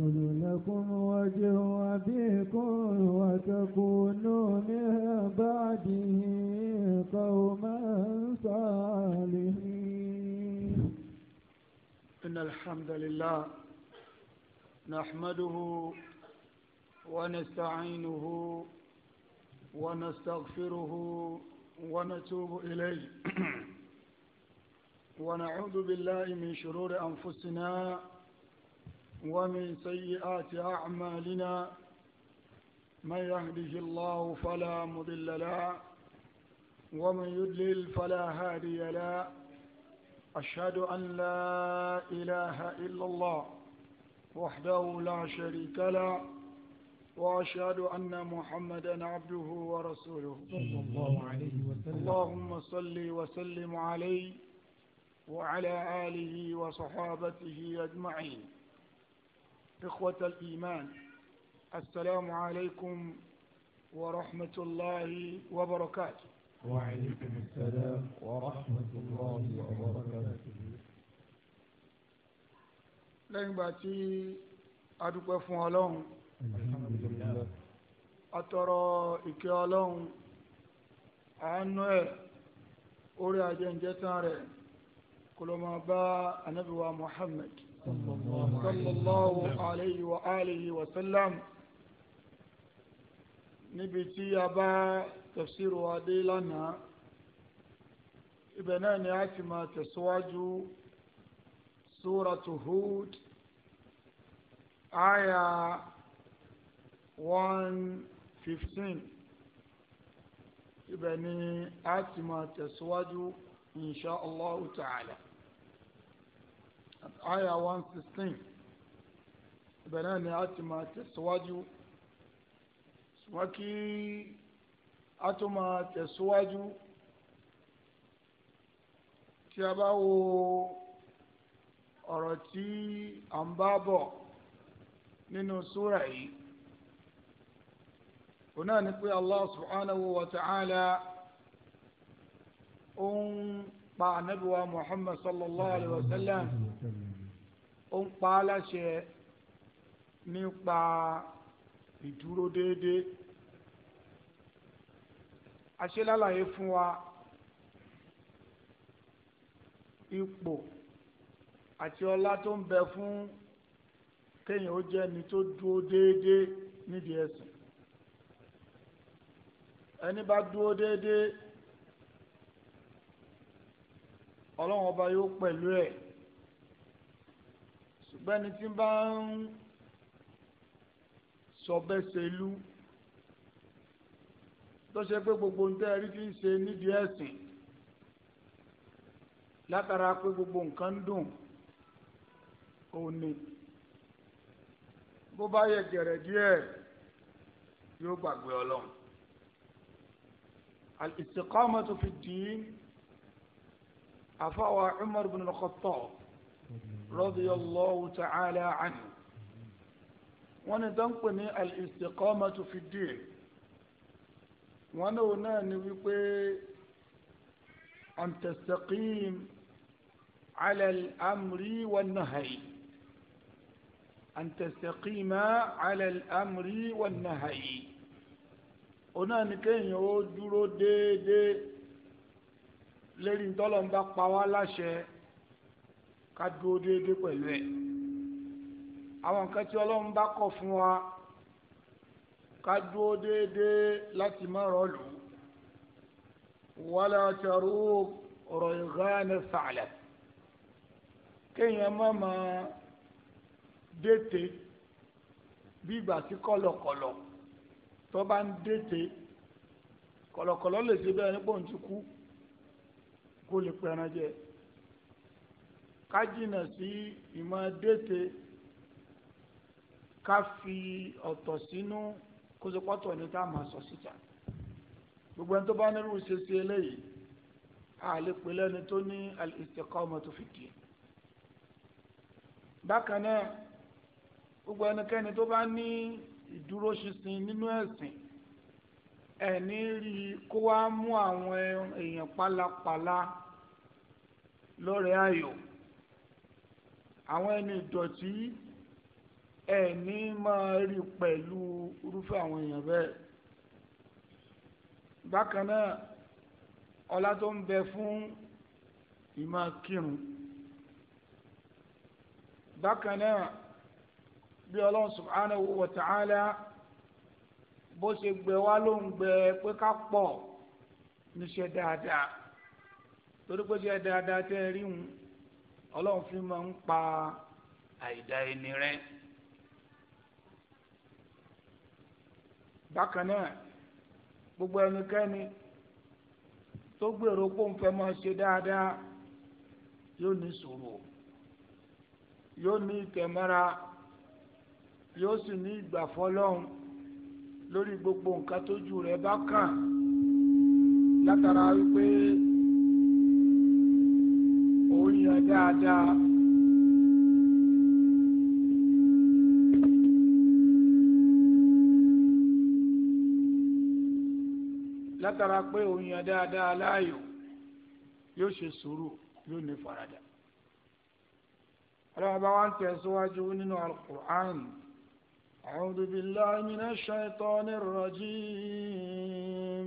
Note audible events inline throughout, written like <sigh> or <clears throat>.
يدخل لكم وجه أبيكم وتكونوا من بعده قوما صالحين إن الحمد لله نحمده ونستعينه ونستغفره ونتوب إليه <clears throat> ونعوذ بالله من شرور أنفسنا ومن سيئات أعمالنا من يهده الله فلا مضل له ومن يدلل فلا هادي له أشهد أن لا إله إلا الله وحده لا شريك له وأشهد أن محمدا عبده ورسوله صلى الله عليه وسلم اللهم صل وسلم عليه وعلى آله وصحابته أجمعين إخوة الإيمان السلام عليكم ورحمة الله وبركاته وعليكم السلام ورحمة الله وبركاته لن باتي أدوك فون الله الحمد لله أترى إكي الله اه، أنه أريد أن جتاري اه، كلما با النبي محمد sallallahu alayhi wa alihi wa sallam níbi tí a bá tafsiru wa dé lánàá ibẹ̀ náà ni a ti máa tẹ̀síwájú suratu Hud aya one fifteen ibẹ̀ ni a ti máa tẹ̀síwájú insha allah ta'ala àyà one sixteen ibẹ̀ náà ni a ti máa tẹ̀síwájú ṣùgbọ́n kí a tó máa tẹ̀síwájú tí a bá wo ọ̀rọ̀ tí à ń bá bọ̀ nínú súrà yìí òun náà ni pé Allah subhanahu wa ta'ala òun pa anabiwa muhammad sallallahu alayhi wa sallam ó ń pa á láṣẹ nípa ìdúró déédéé aṣelálàyé fún wa ipò àti ọlá tó ń bẹ fún kéèyàn ó jẹ́ ẹni tó dúró déédéé nídìí ẹ̀sìn ẹni bá dúró déédéé. ọlọ́run ọba yóò pẹ̀lú ẹ̀ ṣùgbọ́n ẹni tí bá ń sọ̀bẹ́sẹ̀lú tó ṣe pé gbogbo nǹkan rí fi ń ṣe nídìí ẹ̀sìn látara pé gbogbo nǹkan ń dùn òun bó bá yẹ gẹ̀rẹ̀ díẹ̀ yóò gbàgbé ọlọ́run al-istiqamatu fi ddin àfáwà Umar bin al-Khattab radiyallahu ta'ala anhu wọ́n ní dáńpẹ̀ ní al-istiqamatu fi din wọ́n náà náà ni wípé an tastaqim ala al-amri wan an tastaqima ala al-amri wan-nahyi ni kéèyàn ó dúró déédéé lérí ntọ́lọ́n bá pa wá láṣẹ ká dúró déédéé pẹ̀lú ẹ̀ àwọn nǹkan tí ọlọ́run bá kọ̀ fún wa ká dúró déédéé láti má rọlù wàlá tẹ̀rù ọ̀rọ̀ ìhánẹ sàlẹ̀ kéèyàn má máa dètè bí ìgbà tí kọ̀lọ̀kọ̀lọ̀ tó bá ń dètè kọ̀lọ̀kọ̀lọ̀ lè ṣe bẹ́ẹ̀ nípò ń ti kú kó lè pẹran jẹ ká jìnnà sí ìmọ̀ déètè ká fi ọ̀tọ̀ sínú kó ṣe pọ́tọ̀ ní tá a máa sọ síta gbogbo ẹni tó bá nírú ṣe eléyìí a lè pè lẹ́ni tó ní al-istiqamatu fi din bákan náà gbogbo ẹnikẹ́ni tó bá ní ìdúróṣinṣin nínú ẹ̀sìn ẹni rí i kó wá mú àwọn èèyàn pálapàla lọ́rẹ̀ẹ́ ayò àwọn ẹni ìdọ̀tí ẹni máa rí pẹ̀lú irúfẹ́ àwọn èèyàn bẹ́ẹ̀ bákan náà ọlá tó ń bẹ fún ìmọ̀ kírun bákan náà bí ọlọ́run subhanahu wa ta'ala. bó ṣe gbẹ wá ló ń gbẹ pé ká pọ̀ níṣẹ́ dáadáa torí pé ṣe dáadáa tẹ́ ẹ rí wọn ọlọ́run fi máa ń pa àìdá ẹni rẹ. bákan náà gbogbo ẹnikẹ́ni tó gbèrò pé òun fẹ́ máa ṣe dáadáa yóò ní sòrò yóò ní ìtẹ̀mọ́ra yóò sì ní ìgbà fọlọ́run. lórí gbogbo nǹkan tójú rẹ̀ bá kàn látara wípé òun yan dáadáa. látara pé òun yan dáadáa láàyò yóò ṣe sùúrù yóò ní faradà. ọlọ́run bá wá ń tẹ̀síwájú nínú alukur'an. أعوذ بالله من الشيطان الرجيم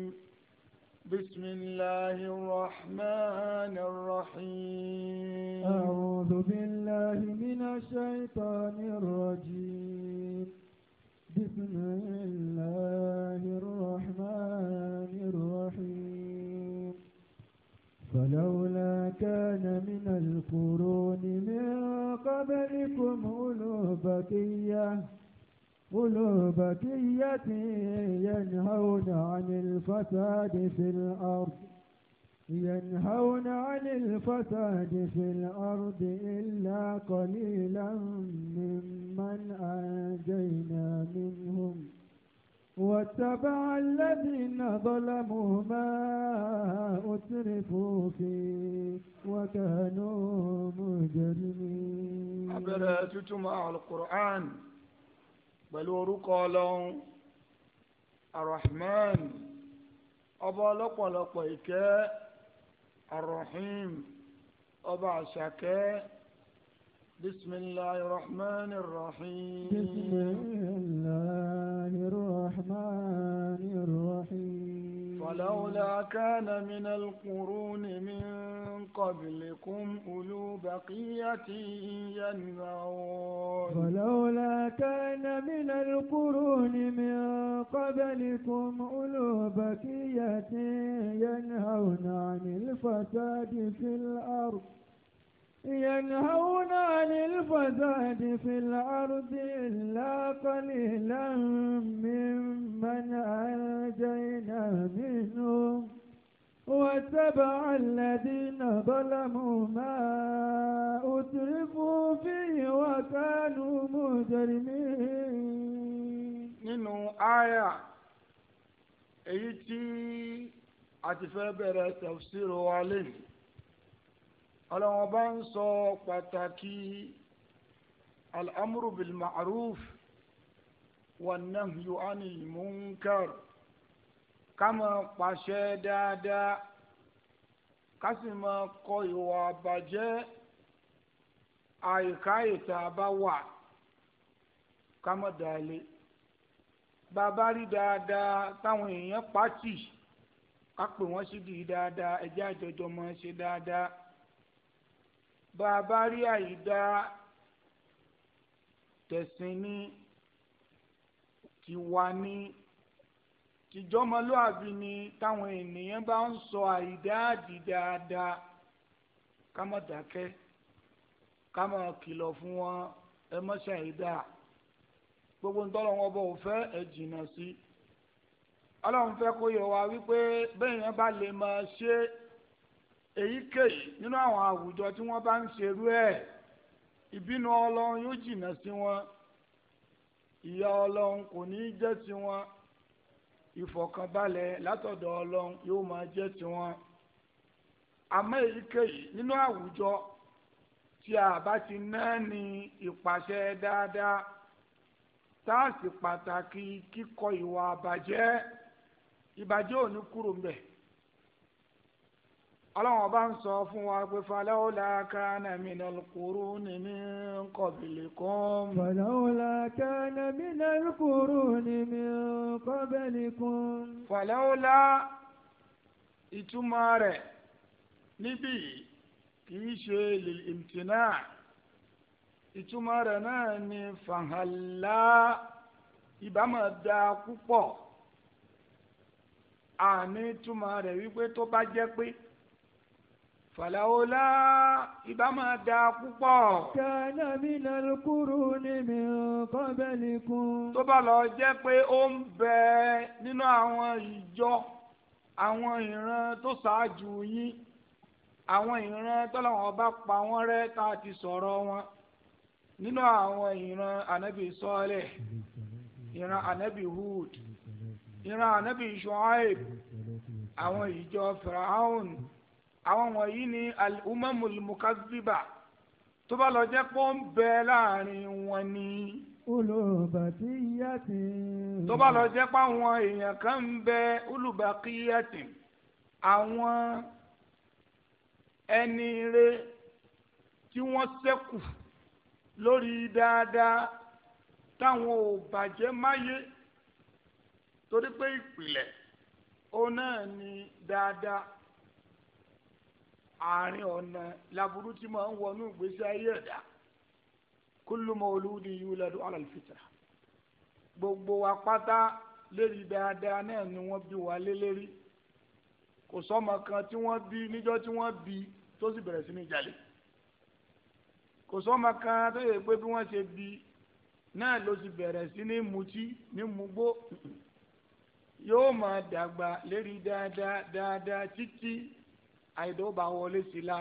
بسم الله الرحمن الرحيم أعوذ بالله من الشيطان الرجيم بسم الله الرحمن الرحيم فلولا كان من القرون من قبلكم أولو بقيه قلوب كيتي ينهون عن الفساد في الأرض ينهون عن الفساد في الأرض إلا قليلا ممن أنجينا منهم واتبع الذين ظلموا ما أترفوا فيه وكانوا مجرمين عبر تتمع القرآن pẹ̀lú orúkọ ọlọ́run arahman ọba ọlọ́pọ̀lọpọ̀ ìkẹ́ arahim ọba àṣàkẹ́ bisimilahi rahman rahim. bisimilahi rahman rahim. ولولا كان من القرون من قبلكم أولو بقية ينفعون ولولا كان من القرون من قبلكم أولو بقية ينهون عن الفساد في الأرض ينهون عن الفساد في الأرض إلا قليلا ممن أنجينا منهم واتبع الذين ظلموا ما أترفوا فيه وكانوا مجرمين nínú àyà èyí tí a ti ọlọ́wọ́n bá ń sọ pàtàkì al'amuru bil ma'ruf wannan yu'ani munkar kama pàṣẹ dáadáa kásì máa kọ ìwà àbàjẹ́ àìká ìta bá wà kámọ dalẹ̀ bàbá rí dáadáa táwọn èèyàn pàtì ká pè wọ́n sídìí dáadáa ẹjẹ àjọjọ máa ṣe dáadáa bá a bá rí àyídá tẹ̀sìn ní tiwa ní tìjọ́mọlúàbí ni táwọn ènìyàn bá ń sọ àyídá àdì dáadáa ká má dákẹ́ ká má kìlọ̀ fún wọn ẹ má ṣe àyídá gbogbo ntọ́lọ́ wọn bọ̀ fẹ́ ẹ jìnnà sí ọlọ́run fẹ́ kó yọ wá wípé bẹ́ẹ̀ yẹn bá lè máa ṣe é èyíkéyìí nínú àwọn àwùjọ tí wọ́n bá ń ṣerú ẹ̀ ìbínú ọlọ́run yóò jìnnà sí wọn ìyà ọlọ́run kò ní í jẹ́ sí wọn ìfọ̀kànbalẹ̀ látọ̀dọ̀ ọlọ́run yóò máa jẹ́ sí wọn àmọ́ èyíkéyìí nínú àwùjọ tí a bá ti náà ìpàṣẹ dáadáa táàsì pàtàkì kíkọ ìwà àbàjẹ́ ìbàjẹ́ ò kúrò mbẹ̀ ọlọ́run ọba ń sọ fún wa pé faláwọlá kánà minal quruni min qablikum. faláwọlá kánà minal quruni min qablikum. faláwọlá ìtumọ̀ rẹ̀ níbí kì í ṣe lil imtina ìtumọ̀ rẹ̀ náà ni fàhálà ìbámu da púpọ̀ àní túmọ̀ rẹ̀ wípé tó bá jẹ́ pé fàlàwòlá ìbá da púpọ̀. kàánà mi lọ́rọ̀ kúrò ní mi kọ́ bẹ́ẹ̀ ni kún. tó bá lọ jẹ́ pé ó ń bẹ nínú àwọn ìjọ àwọn ìran tó ṣáájú yín àwọn ìran tọ́lọ́wọ́n bá pa wọ́n rẹ́ tá a ti sọ̀rọ̀ wọn nínú àwọn ìran ànábì sọ́ọ̀lẹ̀ ìran ànábì Hud ìran ànábì Shuaib àwọn ìjọ Firaun àwọn wọ̀nyí ni al-umamul mukazziba tó bá lọ jẹ́ pé ó ń bẹ láàrin wọn ni. olùbàtí yàtì. tó bá lọ jẹ́ pé àwọn èèyàn kan ń bẹ olùbàkí àwọn ẹni re tí wọ́n ṣẹ́kù lórí dáadáa táwọn ò bàjẹ́ máyé torí pé ìpìlẹ̀ òun náà ni dáadáa àárín ọ̀nà laburú tí máa ń wọnú ìgbésí ayé ẹ̀dá kullu mawludi yuladu ala al-fitra gbogbo wa pátá lérí dáadáa náà ni wọ́n bí wa lé lérí kò sọ́mọ kan tí wọ́n bí níjọ́ tí wọ́n bí tó sì bẹ̀rẹ̀ sí ní jalè kò sọ́mọ kan tó yẹ pé bí wọ́n ṣe bí náà ló sì bẹ̀rẹ̀ sí ní mutí ní mugbó yóò máa dàgbà lérí dáadáa dáadáa títí àìdọ́gba wọlé sí la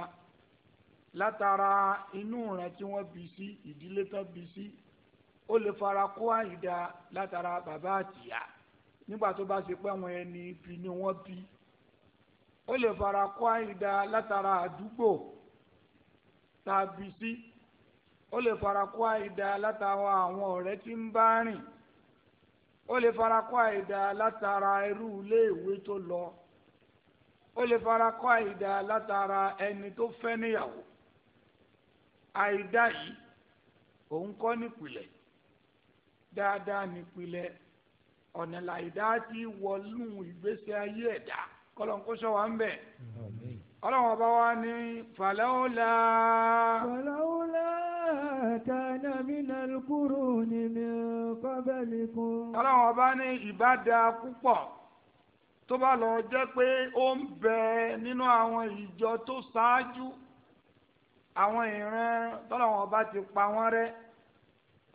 látara inú rẹ tí wọ́n bí sí ìdílé tán bí sí ó lè fara kó àìdá látara bàbá àtìyá nígbà tó bá ṣe pé ẹni fi ni wọn bí ó lè fara kó àìdá látara àdúgbò tá sí ó lè fara kó lọ ó lè fara kọ́ àìdá látara ẹni tó fẹ́ níyàwó àìdá yìí òun kọ́ nípìlẹ̀ dáadáa nípìlẹ̀ ọ̀nà làìdá ti wọlú ìgbésí ayé ẹ̀dá kọ́lọ́n kó sọ wá ń bẹ̀. ọlọ́run ọba wa ní fàlẹ́wọ́lá. fàlẹ́wọ́lá kana minal quruni min qablikum. ọlọ́run ọba ní ìbá da púpọ̀ tó bá lọ jẹ́ pé ó ń bẹ nínú àwọn ìjọ tó ṣáájú àwọn ìran tọ́lọ́wọ́n bá ti pa wọ́n rẹ́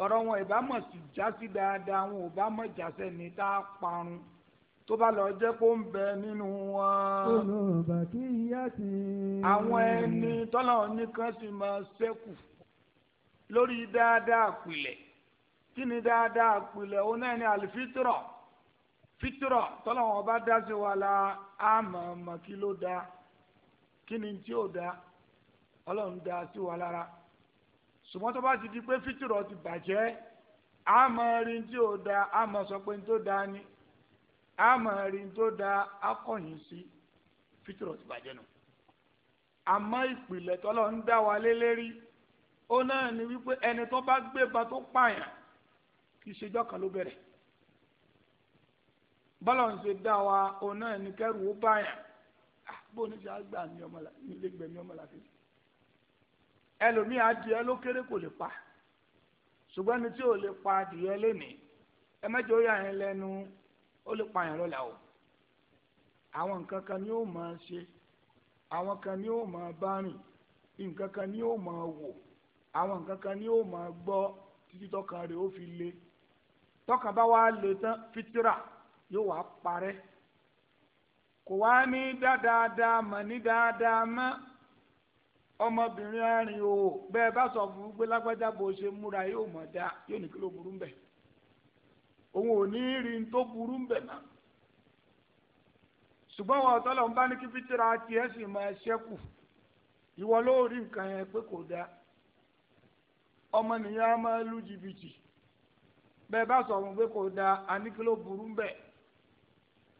ọ̀rọ̀ wọn ìbámọ̀ sì já sí dáadáa àwọn ò bá mọ̀ já sẹ́ni tá a parun tó bá lọ jẹ́ kó ń bẹ nínú wọn. àwọn ẹni tọ́lọ́wọ́n nìkan sì máa ṣẹ́kù lórí dáadáa àpilẹ̀ kí ni dáadáa àpilẹ̀ ó náà ní àlùfítírọ̀ fitrọ tọ́lọ́wọ́n bá dá sí wa la àmọ́ mọ̀ kí ló dá kí ni tí ò dá ọlọ́run dá sí wa lára ṣùgbọ́n tó bá ti di pé fitrọ ti bàjẹ́ àmọ́ rí tí ò dá àmọ́ sọ pé tó dá ni àmọ́ rí tó dá akọ̀yìn sí fitrọ ti bàjẹ́ nù àmọ́ ìpìlẹ̀ tọ́lọ́run dá wa lé ó náà ni wípé ẹni tó bá gbé ba tó pààyàn kì í ṣèjọ́ kan ló bẹ̀rẹ̀ bọ́lọ̀ ń ṣe dá wa òun náà ní kẹ́rù ó báyàn ah, bó ní ṣe á gbà ní ilé gbẹ̀mí ọmọ làfi ẹlòmíì adìẹ ló kéré kò lè pa ṣùgbọ́n ní tí ò lè pa adìẹ lénìí ẹ mẹ́jọ yà yẹn lẹ́nu ó lè pa yẹn lọ́la o àwọn nǹkan kan ni ó máa ṣe àwọn kan ni ó máa bá rìn nǹkan kan ni ó máa wò àwọn nǹkan kan ni ó máa gbọ́ títí tọkàn rẹ̀ ó fi le tọkàn bá wa le tán fitira yóò wá parẹ́ kò wá ní dáadáa mọ̀ ní dáadáa mọ́ ọmọbìnrin arìn o bẹ́ẹ̀ bá sọ fún gbé lágbájá bó ṣe múra yóò mọ̀ dá yóò ní kí burú òun ò ní rí n tó burú mbẹ̀ ṣùgbọ́n wọn ọ̀tọ́lọ̀ ń bá ní kí tiẹ̀ sì ìwọ ló rí nǹkan yẹn sọ fún gbé kò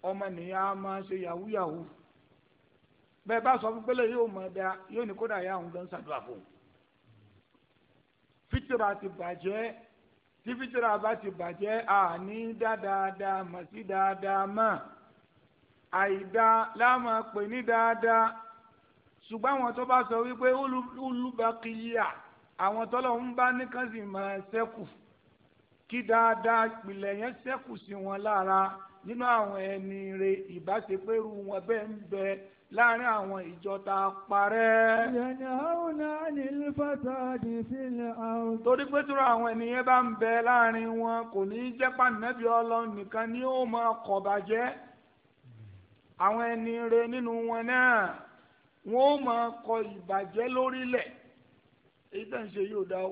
ọmọ nìyà máa ṣe yahoo yahoo bẹ́ẹ̀ bá sọ fún pélé yóò mọ̀ dá yóò ní kódà yà ń gan ṣàdúrà fún un fitira ti bàjẹ́ tí fitira bá ti bàjẹ́ àní dáadáa mà sí dáadáa mà àìdá láàmà pè ní dáadáa ṣùgbọ́n àwọn tó bá sọ wípé olùbákìyà àwọn tọ́lọ̀ ń bá nìkan sì máa ṣẹ́kù kí dáadáa ìpìlẹ̀ yẹn ṣẹ́kù sí wọn lára nínú àwọn ẹni re ìbáṣepẹ̀rù wọn bẹ́ẹ̀ ń bẹ láàrin àwọn ìjọ tá a parẹ́. yẹnì àwọn àní fata di sílẹ̀ àwọn. torí pé tí àwọn ènìyàn bá ń bẹ láàrin wọn kò ní í jẹ́ pàǹdẹ́bí ọlọ́run nìkan ni ó máa kọ̀ bàjẹ́ àwọn ẹni re nínú wọn náà wọn ó máa kọ ìbàjẹ́ lórílẹ̀ èyí tẹ̀ ń ṣe yóò dá o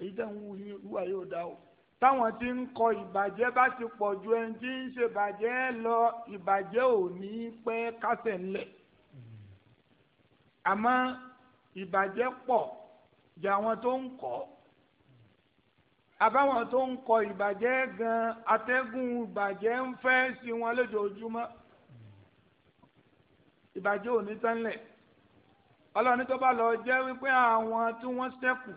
èyí tẹ̀ ń wúwa yóò dá o táwọn tí ń kọ ìbàjẹ́ bá ti pọ̀ ju ẹni tí ń ṣèbàjẹ́ lọ ìbàjẹ́ ò ní pẹ́ kásẹ̀ ńlẹ̀ àmọ́ ìbàjẹ́ pọ̀ ju àwọn tó ń kọ́ àbáwọn tó ń kọ ìbàjẹ́ gan atẹ́gùn ìbàjẹ́ ń fẹ́ sí wọn lójoojúmọ́ ìbàjẹ́ ò ní tán ọlọ́ni tó bá lọ jẹ́ wípé àwọn tí wọ́n ṣẹ́kù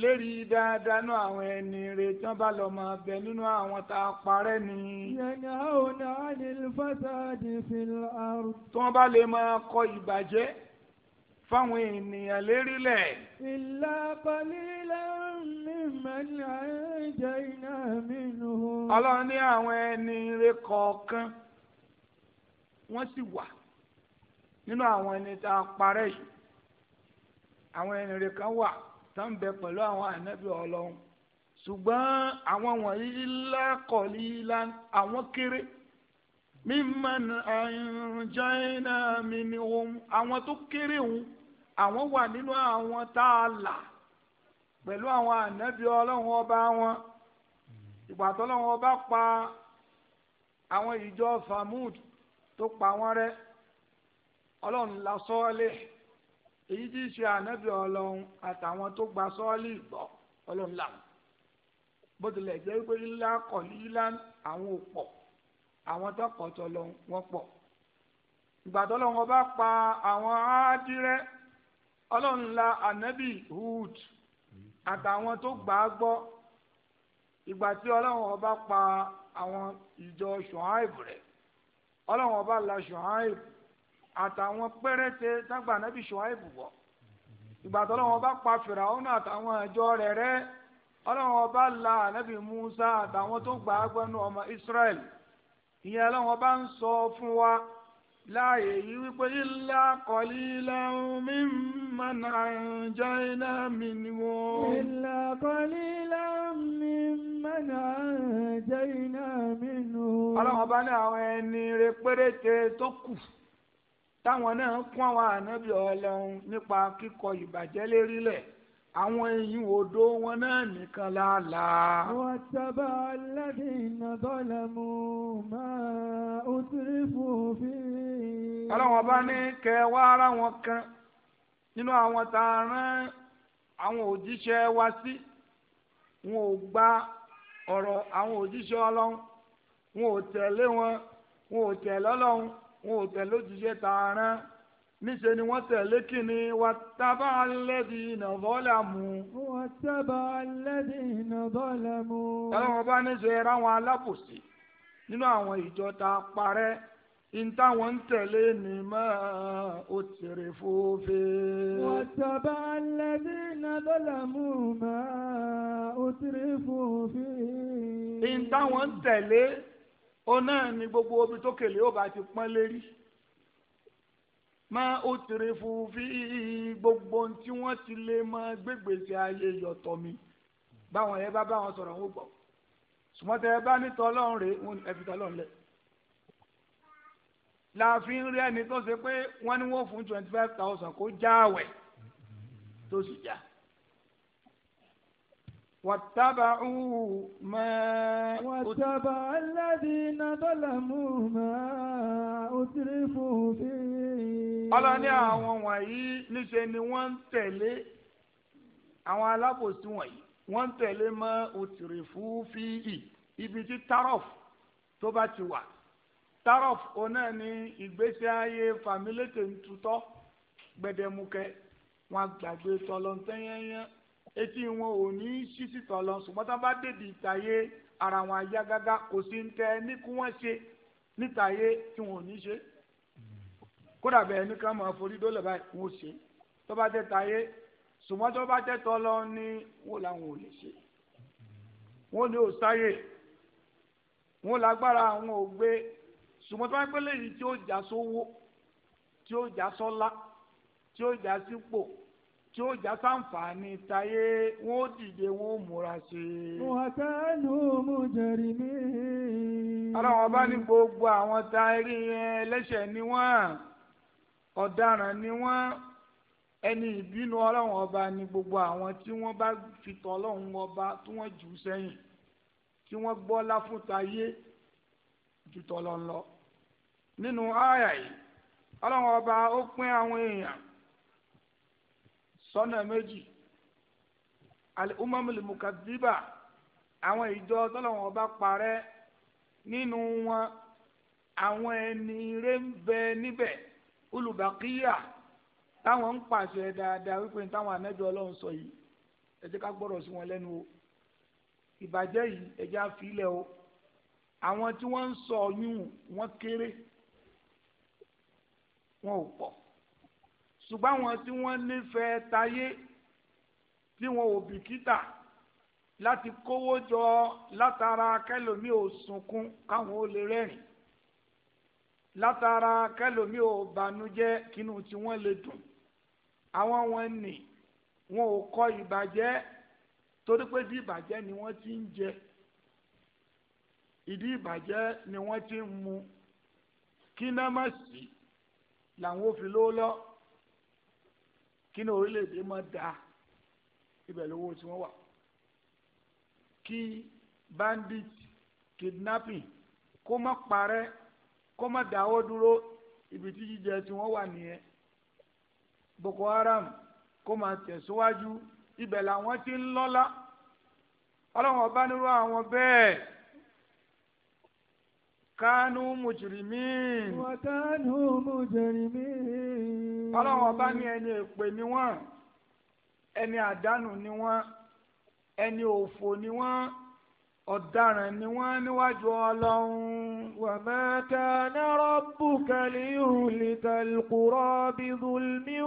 lérí dáadáa náà àwọn ẹni rè tí wọ́n bá lọ máa bẹ nínú àwọn tá a parẹ́ ni. yẹnì àwọn àlè fásádì fìlà àrùn. tí wọ́n bá lè máa kọ ìbàjẹ́ fáwọn ènìyàn lérílẹ̀. ìlà pàlílà mi mẹ́lẹ̀ ẹ̀jẹ̀ iná mi nù. ọlọ́run ní àwọn ẹni rè kọ̀ọ̀kan wọ́n sì wà nínú àwọn ẹni tá a parẹ́ yìí àwọn ẹni rè kan wà tó ń bẹ pẹ̀lú àwọn ànábì ọlọ́run ṣùgbọ́n àwọn wọ̀nyí lákọ̀ọ́lì àwọn kéré mímọ́n àìrìnjáìnà mi ni òun àwọn tó kéré òun àwọn wà nínú àwọn tá a là pẹ̀lú àwọn ànábì ọlọ́run ọba wọn ìgbà tọ́lọ́run ọba pa àwọn ìjọ famud tó pa wọ́n rẹ́ ọlọ́run la èyí tí í ṣe ànábì ọlọ́run àtàwọn tó gba sọ́ọ́lì gbọ́ ọlọ́run làwọn bó tilẹ̀ jẹ́ pé lílá kọ̀ lílá àwọn ò pọ̀ àwọn tó kọ̀ tọ́ lọ wọ́n pọ̀ ìgbà tó lọ́wọ́ bá pa àwọn áádírẹ́ ọlọ́run la ànábì Hud àtàwọn tó gbà á gbọ́ ìgbà tí ọlọ́run ọba pa àwọn ìjọ Ṣuaib rẹ̀ ọlọ́run ọba la Ṣuaib àtàwọn péréte tágbà nábì ṣùháìbù wọ̀ ìgbà tó lọ́wọ́ bá pa fìràwọ́nà àtàwọn àjọ rẹ̀ rẹ́ ọlọ́wọ́ bá la ànábì Musa àtàwọn tó gbà á gbẹ́nu ọmọ Israel ìyẹn ọlọ́wọ́ bá ń sọ fún wa láàyè yìí wípé illa qalilan mimman anjayna minhum. illa qalilan mimman anjayna minhum. ọlọ́wọ́ bá ní àwọn ẹni rẹ̀ péréte tó kù táwọn náà kún àwọn ànábì ọlọ́run nípa kíkọ ìbàjẹ́ lérílẹ̀ àwọn eyín odò wọn náà nìkan láàlàá. wọ́n sábà aládé iná bọ́lá máa ó tiri fún òfin. ọlọ́wọ́n bá ní kẹ́ wá ara wọn kan nínú àwọn tá a rán àwọn òjíṣẹ́ wa sí wọn ò gba ọ̀rọ̀ àwọn òjíṣẹ́ ọlọ́run wọn ò tẹ̀lé wọn wọn ò tẹ̀lé ọlọ́run wọn ò tẹ̀lé òjíṣẹ́ tààrà níṣẹ́ ni wọ́n tẹ̀lé kínní wà tábà lẹ́bi ìnàbọ́là mu. wà tábà lẹ́bi ìnàbọ́là mu. ẹlẹ́wọ̀n bá níṣẹ́ ráwọn alábòsí nínú àwọn ìjọ ta parẹ́ ìtàwọn ń tẹ̀lé ni mọ́ ó tèrè fòfè. wà tábà lẹ́bi ìnàbọ́là mu mọ́ ó tèrè fòfè. ìtàwọn ń tẹ̀lé ó náà ni gbogbo omi tó kèlè ó bá ti pọ́n lérí máa ó tèrè fún fi gbogbo ohun tí wọ́n ti lè máa gbégbèsè ayé yọ̀tọ̀ mi báwọn yẹn bá báwọn sọ̀rọ̀ wọn gbọ́ sùmọ́tẹ́ bá nítọ́ ọlọ́run rè wọn ẹ ọlọ́run lẹ̀ láàfin rí ẹni tó ṣe pé wọ́n ní wọ́n fún twenty five thousand kó já àwẹ̀ tó sì já. واتبعوا ما واتبع الذين ظلموا ما أترفوا فيه ọlọ́ ní àwọn wọ̀nyí níṣẹ́ ni wọ́n ń tẹ̀lé àwọn alábòsí wọ̀nyí wọ́n ń tẹ̀lé mọ́ òtìrìfú fíì ibi tí tarọ́f tó bá ti wà tarọ́f ọ̀nà ni ìgbésí ayé fàmílétè ń tutọ́ gbẹdẹmukẹ wọn gbàgbé tọlọ́ntẹ́yẹ́yẹ́ etí wọn ò ní ṣí sísọ lọ ṣùgbọ́n tá a bá dèdè ìtàyé ara wọn ayá gágá kò sí ń tẹ ní kí wọ́n ṣe nítàyé tí wọn ò ní ṣe kódà bẹ́ẹ̀ ní ká máa forí dólẹ̀ báyìí wọn ò ṣe tó bá tẹ ṣùgbọ́n tó bá tẹ lọ ní wọn làwọn ò lè ṣe wọn ní ò sáyè wọn lágbára àwọn ò gbé ṣùgbọ́n tó bá pẹ́ lẹ́yìn tí ó jà sówó tí ó jà sọ́lá tí ó jà sípò tí ó já sáǹfààní táyé wọn ó dìde wọn ó múra sí i. wàtánù mujrimin. ọlọ́wọ́n bá ní gbogbo àwọn táyé yẹn ẹlẹ́ṣẹ̀ ni wọ́n ọ̀daràn ni wọ́n ẹni ìbínú ọlọ́wọ́n ọba ni gbogbo àwọn tí wọ́n bá fi tọ́ ọlọ́run ọba tí wọ́n jù sẹ́yìn tí wọ́n gbọ́ láfúntayé ju tọ́lọ́ lọ. nínú àyà yìí ọlọ́wọ́n ọba ó pín àwọn èèyàn sọ́nà méjì al-umamul mukaddiba àwọn ìjọ tọ́lọ́wọ́n bá parẹ́ nínú wọn àwọn ẹni rẹ ń bẹ níbẹ̀ olùbàkíyà táwọn ń pàṣẹ dáadáa wípé táwọn anájọ ọlọ́run sọ yìí ẹ jẹ́ ká gbọ́dọ̀ sí wọn lẹ́nu o ìbàjẹ́ yìí ẹ jẹ́ o àwọn tí wọ́n ń sọ ọyún wọn kéré wọn ò pọ̀ ṣùgbọ́n àwọn tí wọ́n nífẹ̀ẹ́ tayé tí wọn ò bìkítà láti kówó jọ látara kẹlòmí ò sunkún káwọn ó lè rẹ́rìn látara kẹlòmí ò bànújẹ́ kínú tí wọ́n lè dùn àwọn wọn nì wọn ò kọ ìbàjẹ́ torí pé bí ìbàjẹ́ ni wọ́n ti ń jẹ ìdí ìbàjẹ́ ni wọ́n ti ń mu kí náà má sí làwọn ò lówó lọ́ọ́ kí ni orílẹ̀-èdè máa da ibẹ̀ lówó tí wọ́n wà kí bandit kidnapping kó má parẹ́ kó má dáwọ́ dúró ibi tí jíjẹ tí wọ́n wà nìyẹn Boko Haram kó máa tẹ̀síwájú ibẹ̀ làwọn ti ń lọ́lá ọlọ́run ọba nírú àwọn bẹ́ẹ̀ kánú mùjìrìmí. wọ́n kánú mùjìrìmí. ọlọ́run ọba ní ẹni èpè ni wọ́n ẹni àdánù ni wọ́n ẹni òfò ni wọ́n ọ̀daràn ni wọ́n níwájú ọlọ́run. wa ma kana rabbuka liyuhlikal qura bi dhulmin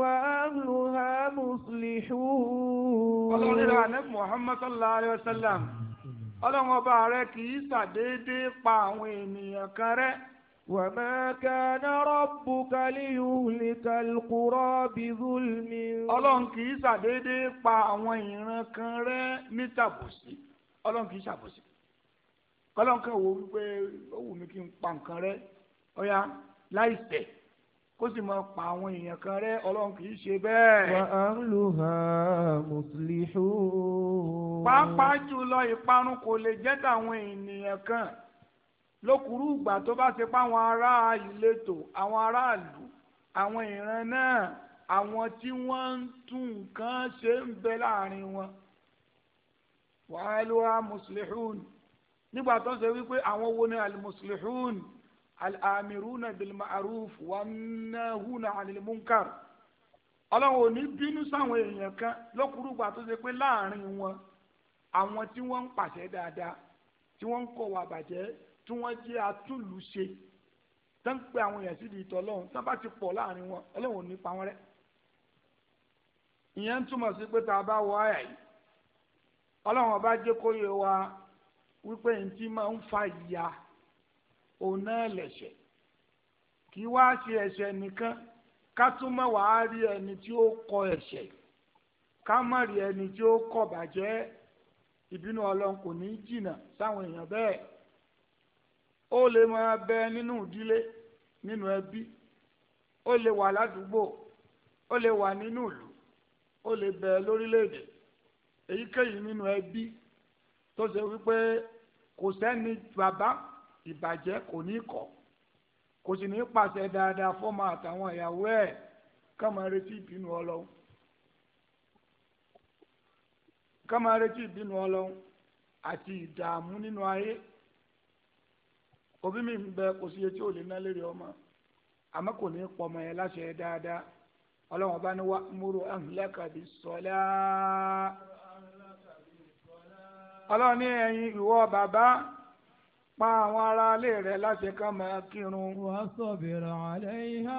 wa ahluha muslihun. ọlọ́run rẹ̀ àná Muhammad sallallahu alayhi wa ọlọ́run ọba rẹ kì í ṣàdédé pa àwọn ènìyàn kan rẹ́. وما كان ربك ليهلك القرى بظلم ọlọ́run kì í ṣàdédé pa àwọn ìran kan rẹ́ ní tàbùsì ọlọ́run kì í ṣàbùsì kọ́lọ́n kan wípé ó wù mí kí n pa nǹkan rẹ́ ọ̀ya láìṣẹ̀ kó sì máa pa àwọn èèyàn kan rẹ ọlọ́run kì í ṣe bẹ́ẹ̀. wà á lù hàn mùsùlùmí. pàápàá jùlọ ìparun kò lè jẹ́ tàwọn ènìyàn kan lókùrú ìgbà tó bá ṣe páwọn ará ìletò àwọn aráàlú àwọn ìran náà àwọn tí wọ́n ń tún nǹkan ṣe ń bẹ láàrin wọn. wà á lù hàn mùsùlùmí nígbà tó ṣe wípé àwọn wo ni àlùmùsùlùmí al-amiruna bil ma'ruf wan-nahuna 'anil munkar ọlọ́run ò ní bínú sáwọn èèyàn kan lọ́kùrúgbà tó ṣe pé láàrin wọn àwọn tí wọ́n ń pàṣẹ dáadáa tí wọ́n ń kọ̀ wà bàjẹ́ tí wọ́n jẹ́ atúlùṣe tó ń pe àwọn èèyàn sídìí ìtọ́ ọlọ́run tó bá ti pọ̀ láàrin wọn ọlọ́run ò pa wọ́n rẹ́ ìyẹn ń túmọ̀ sí pé tá a bá wọ àyà yìí ọlọ́run ọba jẹ́ kó yẹ wa wípé ní ti máa ń fa ìyà òun náà lẹ̀ṣẹ̀ kì í wá ṣe ẹ̀ṣẹ̀ nìkan ká tún mọ̀ wá rí ẹni tí ó kọ ẹ̀ṣẹ̀ ká mọ̀ rí ẹni tí ó kọ̀ bàjẹ́ ìbínú ọlọ́run kò ní í jìnnà sáwọn èèyàn bẹ́ẹ̀ ó lè máa bẹ nínú ìdílé nínú ẹbí ó lè wà ládùúgbò ó lè wà nínú ìlú ó lè bẹ lórílẹ̀ èyíkéyìí nínú ẹbí tó ṣe wípé kò sẹ́ni bàbá ìbàjẹ́ kò ní kọ̀ kò sì ní pàṣẹ dáadáa fọ́mọ àtàwọn ìyàwó ẹ̀ kọ́mọ retí ìbínú ọlọ́run kọ́mọ retí ìbínú àti ìdààmú nínú ayé òbí mi ń bẹ kò sí etí ò lè ọmọ àmọ́ kò ní pọmọ yẹn láṣẹ dáadáa ọba ní wa'muru ahlaka bis-sala ní ìwọ bàbá. pa àwọn aráalé rẹ̀ láti ká máa kírun. wà á sọ bẹ̀rẹ̀ àlẹ́ ìhá.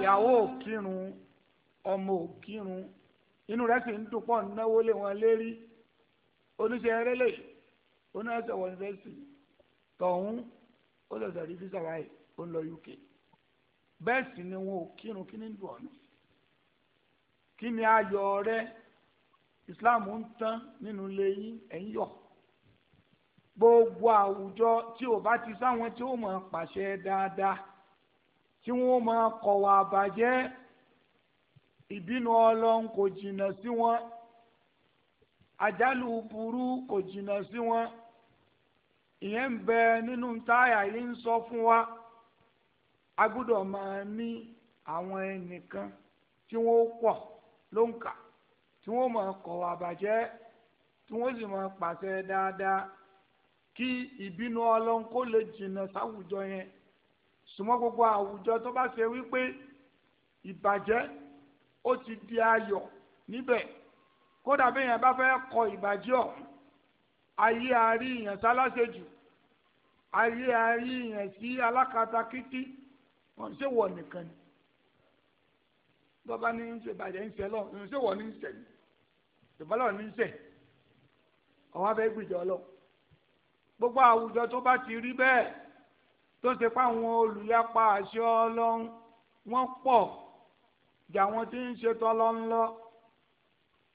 ìyàwó ò kírun ọmọ ò kírun inú rẹ̀ sì ń dùn pọ̀ náwó lé wọn lérí oníṣẹ́ erélè oníṣẹ́ wọ yunifásitì tọ̀hún ó lọ sọ̀rọ̀ ibi sọ̀rọ̀ ayé ó ń lọ UK bẹ́ẹ̀ sì ni wọn ò kírun kí ni ń dùn ọ̀nà kí ni ayọ̀ rẹ Islam ń tán nínú ilé yín ẹ̀ ń yọ̀ gbogbo àwùjọ tí ò bá ti sáwọn tí ó máa pàṣẹ dáadáa tí wọ́n máa kọ̀wà àbàjẹ́ ìbínú ọlọ́run kò jìnnà sí wọn àjálù burú kò jìnnà sí wọn ìyẹn ń bẹ nínú táyà yìí ń sọ fún wa a gbọ́dọ̀ máa ní àwọn ẹnìkan tí wọ́n pọ̀ ló ń kà tí wọ́n máa kọ̀wà àbàjẹ́ tí wọ́n sì máa pàṣẹ dáadáa kí ìbínú ọlọ́run kó lè jìnnà sáwùjọ yẹn súnmọ́ gbogbo àwùjọ tó bá ṣe wípé ìbàjẹ́ ó ti di ayọ̀ níbẹ̀ kódà bí èèyàn bá fẹ́ kọ ìbàjẹ́ ọ̀hún ayé àárí èèyàn sálásẹ̀jù ayé àárí èèyàn sí alákatakítí wọ́n ṣe wọ̀ nìkan ni bọ́ba ní ń ṣe ìbàjẹ́ ń ṣe lọ ń ṣe wọ̀ ní ń ṣe ìbálò ní ń ṣe ọ̀wá fẹ́ gbìjọ ọlọ́run gbogbo àwùjọ tó bá ti rí bẹ́ẹ̀ tó ṣe pé àwọn olùyapa àṣẹ ọlọ́run wọ́n pọ̀ jà wọn tí ń ṣe tọ́lọ́run lọ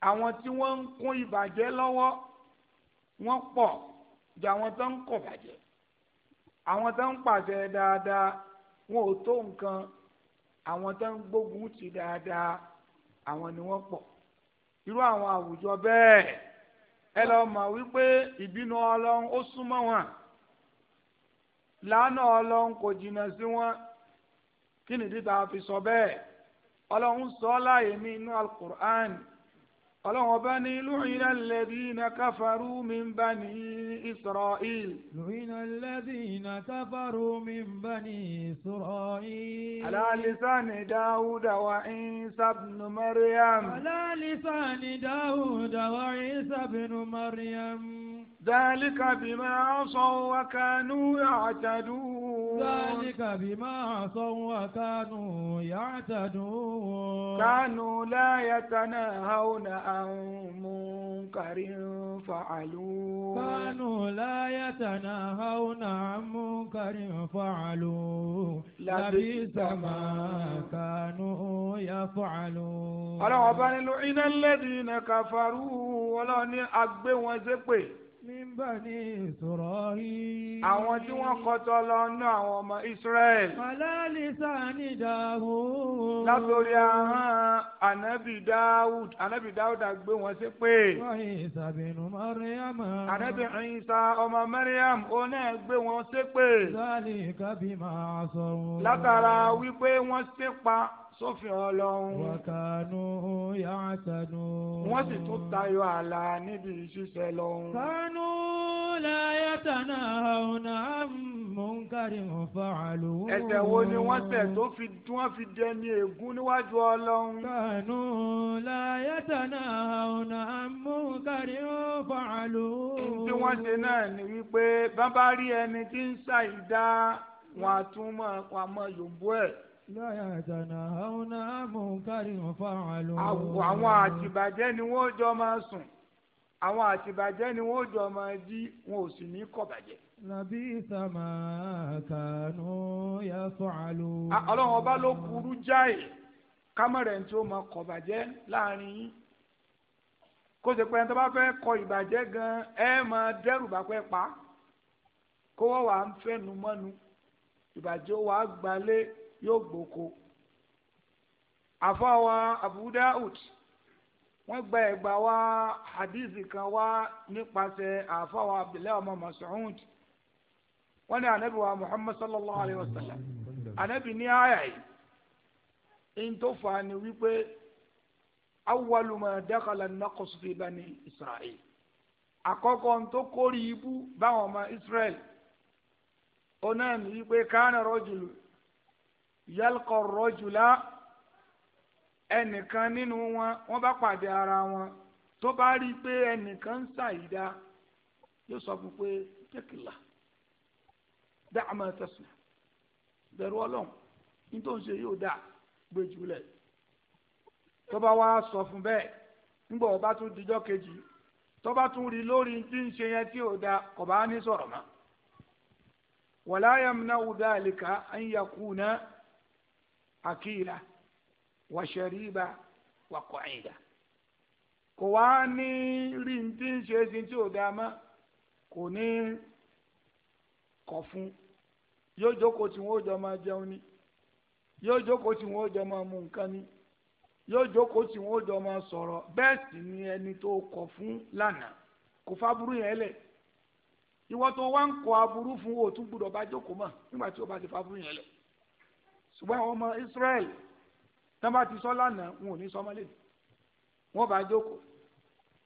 àwọn tí wọ́n ń kún ìbàjẹ́ lọ́wọ́ wọ́n pọ̀ jà wọn tó ń kọ̀ bàjẹ́ àwọn tó ń pàṣẹ dáadáa wọn ò tó nǹkan àwọn tó ń gbógun ti dáadáa àwọn ni wọ́n pọ̀ irú àwọn àwùjọ bẹ́ẹ̀. ẹ lọ wípé ìbínú ọlọ́run ó súnmọ́ wọn lánà ọlọ́run kò jìnnà sí wọn kí nìdí tá a fi sọ bẹ́ẹ̀ ọlọ́run sọ láàyè mí inú alukur'an. ọlọ́wọ́n bá ní lóyìnà lẹ́dínà káfàrú mi ń bá ní israel. lóyìnà lẹ́dínà káfàrú mi ń bá ní israel. alálísàní dáúdà wà ìsà bínú mariam. alálísàní dáúdà wà ìsà bínú mariam. ذلك بما عصوا وكانوا يعتدون ذلك بما عصوا وكانوا يعتدون كانوا لا يتناهون عن منكر فعلوه كانوا لا يتناهون عن منكر فعلوه لبئس ما كانوا يفعلون. ọlọ́wọ́ bá nílò الذين كفروا kàfàrú ọlọ́ọ̀ni àgbẹ̀wọ̀n ṣépè min bani Israil. àwọn tí wọ́n kọtọ lọ nínú àwọn ọmọ Israel. alali sani Dawud. látòrí ahọ́n anabi Dawud anabi Dawud àgbé wọn sí pé. wáyé ìsàbẹ̀nù Mariam. anabi Isa ọmọ Mariam ó náà gbé wọn sí pé. sálì kábí máa sọ̀rọ̀. látara wípé wọ́n ṣe pa sófin ọlọ́run. wàkànú yàtànú. wọ́n sì tún tayọ ààlà níbi ìṣiṣẹ́ lọ́hùn. kánú láyàtànà ọ̀nà àmúkárì mọ̀fàlù. ẹ̀ṣẹ̀ wo ni wọ́n ṣẹ̀ tó fi wọ́n fi dẹni ègún níwájú ọlọ́run. kánú láyàtànà ọ̀nà àmúkárì mọ̀fàlù. tí wọ́n ṣe náà ni wípé bá bá rí ẹni tí ń ṣàìdá wọn a tún mọ̀ wọn a ẹ̀ láyà àtànà àwọn àmọ̀ kárí fáwọn àlọ́. àwọn àtìbàjẹ́ ni wọ́n jọ máa sùn àwọn àtìbàjẹ́ ni wọ́n jọ máa jí wọn ò sì ní kọ̀bàjẹ́. nàbí ìsàmà kànú yà sọ àlọ́. ọlọ́run ọba ló burú jáì kámẹ́rẹ̀ tí ó máa kọ̀bàjẹ́ láàrin yín kó ṣe pé ẹni tó bá fẹ́ kọ ìbàjẹ́ gan ẹ máa dẹ́rù bá pẹ́ pa kó wọ́n wà ń fẹ́nu mọ́nu ìbàjẹ́ wàá gbalé yóò gboko àfọwọ́ Abu Daud wọ́n gba ẹ̀gbà wá hadithi kan wá nípasẹ̀ àfọwọ́ Abdullahi ọmọ mas'u wọ́n ní anabi wa Muhammad sallallahu alayhi wa sallam anabi n'i àyà yìí ń tó ni wípé awwalu ma dakala naqs fi bani Israel àkọ́kọ́ ń tó kórìí ibú báwọn ọmọ Israel ọ̀nà ni wípé kánà rọ́jùlù. yálùkọ rọjùlá ẹnìkan nínú wọn wọn bá pàdé ara wọn tó bá rí i pé ẹnìkan ń ṣàyídá yóò sọ fún pé tẹkìlá dáàmà tẹsán bẹ̀rù Ọlọ́run nítorí ṣe yóò dá gbé jùlẹ tó bá wá sọ fún bẹ́ẹ̀ nígbà ọba tún kejì tó bá tún rí lórí tí ń ṣe yẹn tí akíla wàṣẹríba wàkọ̀ìdà kò wá ní rí ní tí ń ṣe sí tí ò dáa mọ́ kò ní kọ̀ fún fun jókòó tí wọ́n ó jọ máa jẹun ni yóò jókòó tí wọ́n ó jọ máa mú ni yóò jókòó tí wọn ó jọ máa sọ̀rọ̀ ni eni tó kọ fun lánàá ko fáburú yẹn lẹ̀ ìwọ tó wá ń kọ aburú fún o tún gbọ́dọ̀ bá jókòó mọ́ o ba ti fáburú yẹn lẹ̀ ṣùgbọ́n àwọn ọmọ Israẹli tán bá ti sọ lánàá wọn ò ní sọ ọmọlẹ́ni wọn bá jókòó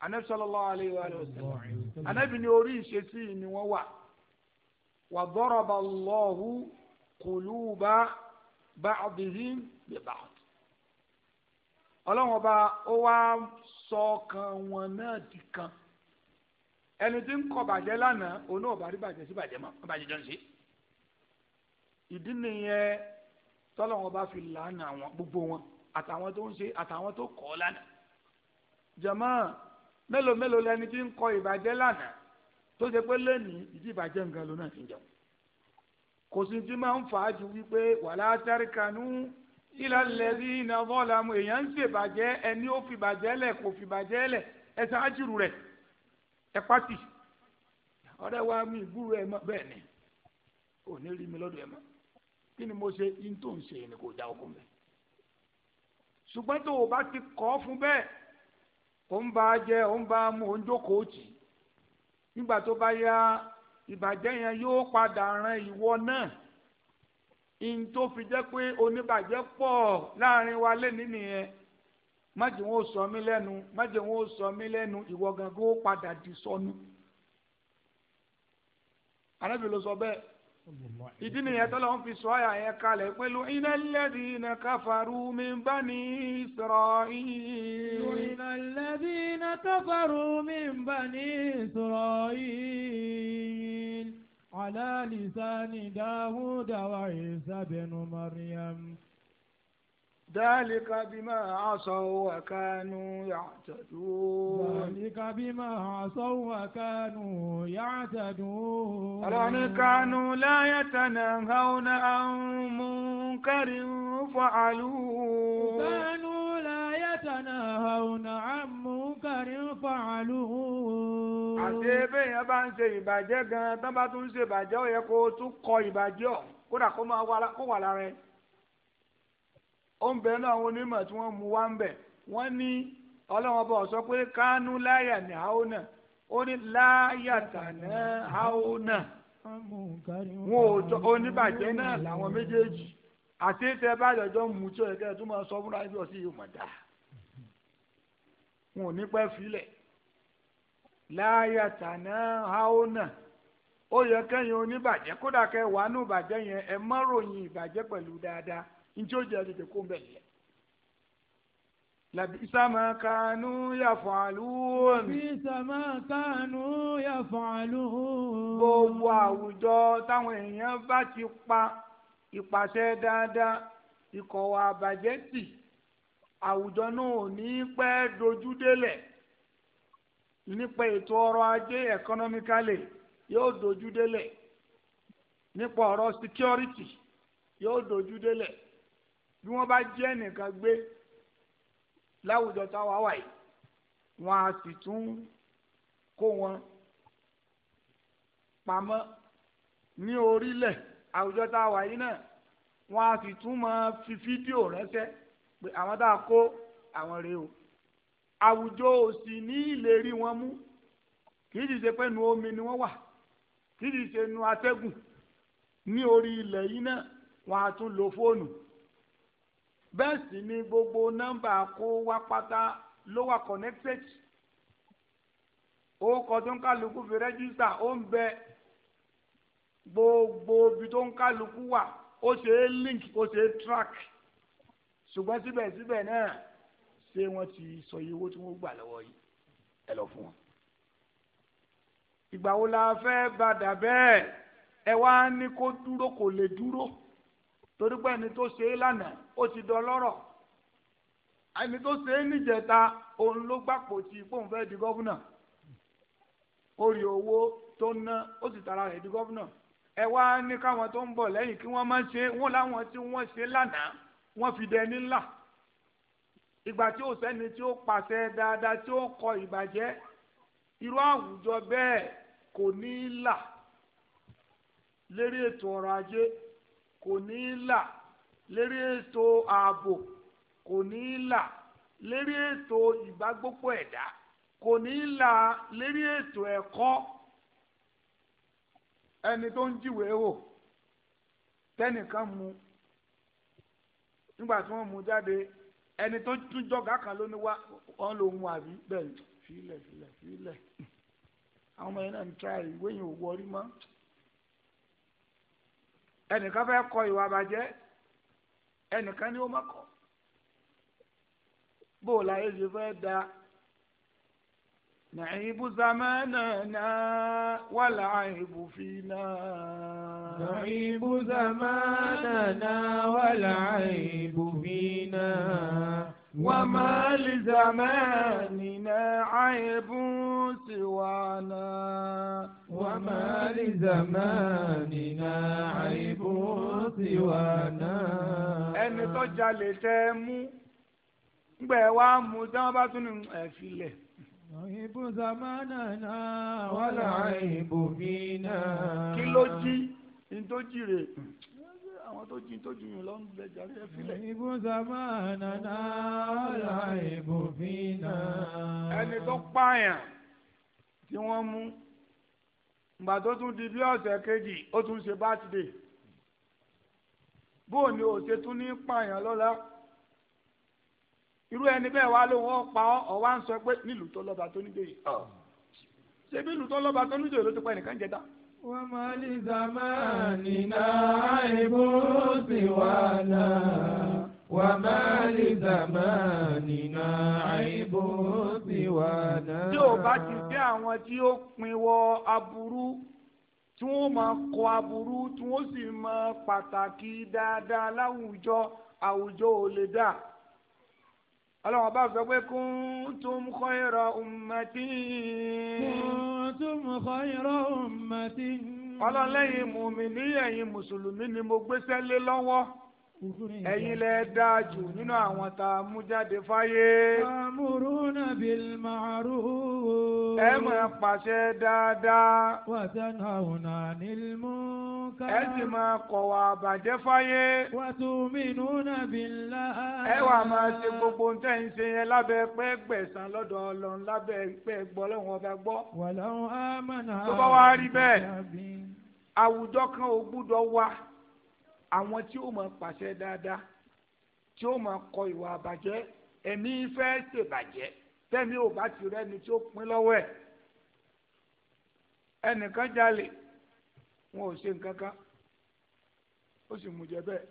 anabi sallallahu alayhi wa sallam anabi ni orí ìṣesí ni wọ́n wà wà daraba Allahu quluba ba'dihim bi ba'd ọlọ́run ó wá sọ ọkàn wọn náà di kan ẹni tí ń kọ bàjẹ́ lánàá òun náà bàjẹ́ sí bàjẹ́ mọ́ bàjẹ́ jọ ń ṣe ìdí nìyẹn tọ́lọ́wọ́n bá fi làánà àwọn gbogbo wọn àtàwọn tó ń ṣe àtàwọn tó kọ́ lánàá jàmá mélòó mélòó lẹni tí ń kọ ìbàjẹ́ lánàá tó ṣe pé lónìí ìdí ìbàjẹ́ nǹkan ló náà ti jẹun kò sí ti máa ń fà á ju wípé wàlá tẹ́ríkanú ilà lẹ́rí iná bọ́ọ̀lámù èèyàn ń ṣèbàjẹ́ ẹni ó fìbàjẹ́ lẹ̀ kò fìbàjẹ́ lẹ̀ ẹ ṣáájúrù rẹ̀ ẹ pátì ọ̀rẹ́ wa mi ìgbúrò ẹ̀ mọ́ bẹ́ẹ̀ ni kí ni mo ṣe yín tó ń ṣe ni kò já okùn bẹ́ẹ̀ ṣùgbọ́n tó o bá ti kọ́ fún bẹ́ẹ̀ o ń bá a jẹ o ń bá a mú ń jókòó nígbà tó bá yá ìbàjẹ́ yẹn yóò padà ran ìwọ náà in tó fi jẹ́ pé oníbàjẹ́ pọ̀ láàrin wa lẹ́ni nìyẹn májè wọn ò sọ mí lẹ́nu májè wọn ò sọ mí lẹ́nu ìwọ gangan padà di sọnù. arábìnrin sọ bẹ́ẹ̀. ìdí nìyẹn tó lọ́n fi sọ àyà yẹn kalẹ̀ pẹ̀lú iná lẹ́dí iná káfàrú min bani Isra'il. iná lẹ́dí iná káfàrú min bani Isra'il. ala lisani Dawuda wa Isa bẹnu Maryam. ذلك بما عصوا وكانوا يعتدون ذلك بما عصوا وكانوا يعتدون أرون كانوا لا يتناهون عن منكر فعلوه كانوا لا يتناهون عن منكر فعلوه àti ebe yẹn bá ń ṣe ìbàjẹ́ gan-an tán bá tún ń ṣe ìbàjẹ́ ó ń bẹ náà àwọn onímọ̀ tí wọ́n mú wá ń bẹ̀ wọ́n ní ọlọ́wọ́n bọ̀ sọ pé kánú láyà ní haúnà ó ní láyà tàná haúnà wọn ò oníbàjẹ́ náà làwọn méjèèjì àti tẹ báyọ̀ jọ mú tí ọ̀yẹ́kẹ́ tó máa sọ fúnra ẹbí ọ̀sìn yìí mọ̀ dá wọn ò ní pẹ́ filẹ̀ láyà tàná haúnà ó yẹ kẹ́yìn oníbàjẹ́ kódà kẹ́ wàánú ìbàjẹ́ yẹn ẹ mọ́ ìbàjẹ́ pẹ̀lú dáadáa njẹ́ ó jẹ́ tètè kó bẹ̀ yẹ. Labi sama kanu ya fa'alun. Labi sama kanu ya fa'alun. Gbogbo àwùjọ táwọn èèyàn bá ti pa ìpàṣẹ dáadáa ìkọ̀wà àbàjẹ́ tì àwùjọ náà ò ní pẹ́ dojú délẹ̀ nípa ètò ọrọ̀ ajé economically yóò dojú délẹ̀ nípa ọ̀rọ̀ security yóò dojú délẹ̀ bí wọ́n bá jẹ́ nìkan gbé láwùjọ táwa wà yìí wọ́n á sì tún kó wọn pamọ́ ní orílẹ̀ àwùjọ táwa yìí náà wọ́n á sì tún máa fi fídíò ránṣẹ́ pé àwọn tá a kó àwọn rèé o àwùjọ ò sì ní ìlérí wọn mú kì í sì ṣe pé nu omi ni wọ́n wà kì í sì ṣe nu atẹ́gùn ní orí ilẹ̀ yìí náà wọ́n á tún lo fóònù bẹ́ẹ̀ sì ni gbogbo nọ́mbà kó wá pátá ló wà connected orúkọ tó ń kálukú fi rẹ́gísítà ó ń bẹ gbogbo ibi tó ń kálukú wà ó ṣe é link ó ṣe é track ṣùgbọ́n síbẹ̀síbẹ̀ náà ṣé wọ́n ti sọ iye owó tí wọ́n gbà lọ́wọ́ yìí ẹ lọ fún wọn. ìgbà wo la fẹ́ gbàdà bẹ́ẹ̀ ẹ wá ní kó dúró kò lè dúró torí pé ẹni tó ṣe é lánàá ó ti dán lọ́rọ̀ àmì tó ṣe é níjẹta òun ló gbàpò tí fóun fẹ́ di gọ́vùnà ó rí owó tó ná ó sì tara rẹ̀ di gọ́vùnà ẹ wá ní káwọn tó ń bọ̀ lẹ́yìn kí wọ́n má ṣe wọ́n láwọn tí wọ́n ṣe lánàá wọ́n fi dẹni ńlá ìgbà tí ó sẹ́ni tí ó pàṣẹ dáadáa tí ó kọ ìbàjẹ́ irú àwùjọ bẹ́ẹ̀ kò ní í là lérí ètò ọrọ̀ ajé kò ní lérí ètò ààbò kò ní í là lérí ètò ìbágbópọ̀ ẹ̀dá kò ní í là lérí ètò ẹ̀kọ́ ẹni tó ń jíwèé wò tẹnìkan mu nígbà tí wọ́n mu jáde ẹni tó tún jọ̀gá kan ló ní wá wọ́n ló mu àbí bẹ́ẹ̀ fílẹ̀ fílẹ̀ fílẹ̀ àwọn ọmọ yẹn náà ń tra ìwé yẹn ò wọrí mọ́ ẹnìkan fẹ́ kọ ìwà bàjẹ́ ẹnìkan ni ó má kọ bó o láyé ṣe fẹ́ da nàìbù sàmánà náà wà láàìbù fínà. nàìbù sàmánà náà wà láàìbù fínà. وما لزماننا عيب سوانا وما لزماننا عيب سوانا ẹni tó jalè tẹ ẹ mú gbẹ wá mú tí wọn bá tún ní ẹ filẹ. ìbò zamana náà wàhálà ìbò mi náà. kí ló jí ní tó jí rè àwọn tó jin tó jiyàn lọ ń bẹ jàre ẹ filẹ̀. ìbú sábà nàná ọ̀la ìbòfin náà. ẹni tó pààyàn tí wọ́n mú ìgbà tó tún di bí ọ̀sẹ̀ kejì ó tún ṣe bátidé bó ni ò ṣe tún ní pààyàn lọ́la irú ẹni bẹ́ẹ̀ wá lóun ọ̀pá ọ̀wá ń sọ pé nílùú tó lọ́ba tó níjòyè ah. ṣé bí ìlú tó lọ́ba tó níjòyè ló ti pa ẹnìkan jẹ dá. وما لزماننا عيب سوانا وما لزماننا عيب سوانا. tí ò bá ti jẹ́ àwọn tí ó pinwọ aburú tí wọ́n máa kọ aburú tí wọ́n sì máa pàtàkì dáadáa láwùjọ àwùjọ ò lè dà ọlọ́run bá fẹ́ pé kuntum khayra ummatin kuntum khayra ummatin. ọlọ́lẹ́yìn mùmí níyẹ̀yìn mùsùlùmí ni mo gbéṣẹ́ lé lọ́wọ́ ẹ̀yin lẹ dáa jù nínú àwọn tá a mú jáde fáyé. amúrúnà bíi màrú. ẹ máa pàṣẹ dáadáa. wàtán àwùnà nílmú ká. ẹ sì máa kọ̀wà àbàjẹ́ fáyé. wàtúmínúnà billah. ẹ wà máa ṣe gbogbo nǹkan ń ṣe yẹn lábẹ́ pé gbẹ̀sán lọ́dọ̀ ọlọ́run lábẹ́ pé gbọ́ lọ́wọ́ ọba gbọ́. wàlọ́hún á mọ̀nà. tó bá wá rí bẹ́ẹ̀ àwùjọ kan ò gbúdọ̀ wà àwọn tí ó máa pàṣẹ dáadáa tí ó máa kọ ìwà àbàjẹ́ ẹ̀mí fẹ́ ṣèbàjẹ́ tẹ́mi ò bá ti rẹ́ni tí ó pín lọ́wọ́ ẹ̀ ẹnìkan jalè wọn ò ṣe nǹkan kan ó sì mú jẹ bẹ́ẹ̀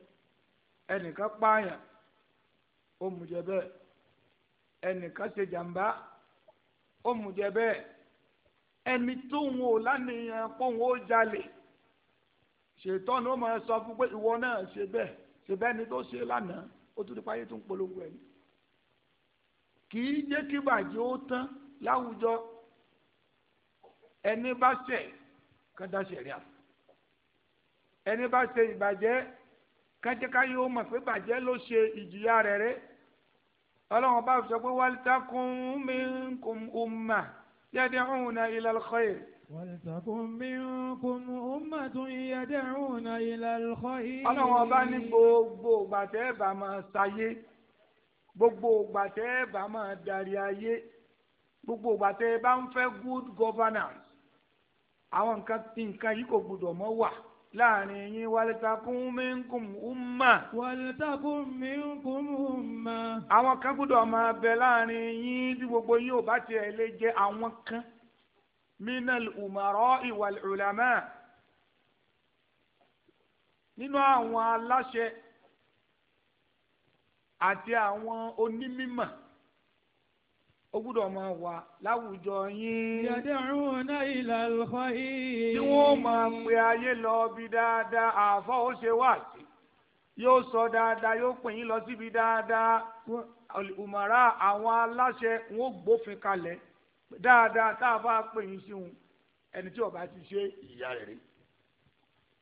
ẹnìkan pààyàn ó mú jẹ bẹ́ẹ̀ ẹnìkan ṣe jàǹbá ó mú jẹ bẹ́ẹ̀ ẹni tó ń wò lánìyàn pọ́n ó jalè ṣètọ́ni ó máa sọ fún pé ìwọ náà ṣe bẹ́ẹ̀ ṣe bẹ́ẹ̀ ni tó ṣe lánàá ó tún nípa ayé tó ń polongo ẹ̀ ni. kì í jẹ́ kí bàjẹ́ ó tán láwùjọ ẹni bá ṣẹ̀ kọ́dá ṣẹ̀rí àfọ̀ ẹni bá ṣe ìbàjẹ́ kájẹ́ká yóò mọ̀ pé bàjẹ́ ló ṣe ìjìyà rẹ̀ rẹ̀ ọlọ́run bá sọ pé wal takum minkum ummah yad'una ila al-khair wàlùsàkùn mìíràn ọmọdún ìyàdẹ̀rùn náà ìlàlù kọ́ yìí. ọlọ́run ọba ní gbogbo gbàtẹ́ bá máa ṣayé gbogbo gbàtẹ́ bá máa darí ayé gbogbo good governance àwọn nǹkan nǹkan yìí kò gbọdọ̀ mọ́ wà láàrin yín wàlítàkùn mínkùn umma. wàlítàkùn mínkùn umma. àwọn kan gbọ́dọ̀ máa bẹ láàrin yín bí gbogbo yín ò bá tiẹ̀ lè jẹ́ àwọn kan من الأمراء والعلماء wal-ulama nínú àwọn aláṣẹ àti àwọn onímímọ̀ ó gbúdọ̀ máa wà láwùjọ yín. yad'una ila al-khayr. tí wọ́n máa pe ayé lọ bí dáadáa àfọ́ ó ṣe wá sí yóò sọ dáadáa yóò pè yín lọ síbi dáadáa al-umara àwọn aláṣẹ wọn ò gbófin kalẹ̀ dáadáa tá a bá pè yín sí wọn ẹni tí ọba ti ṣe ìyá rẹ̀ rí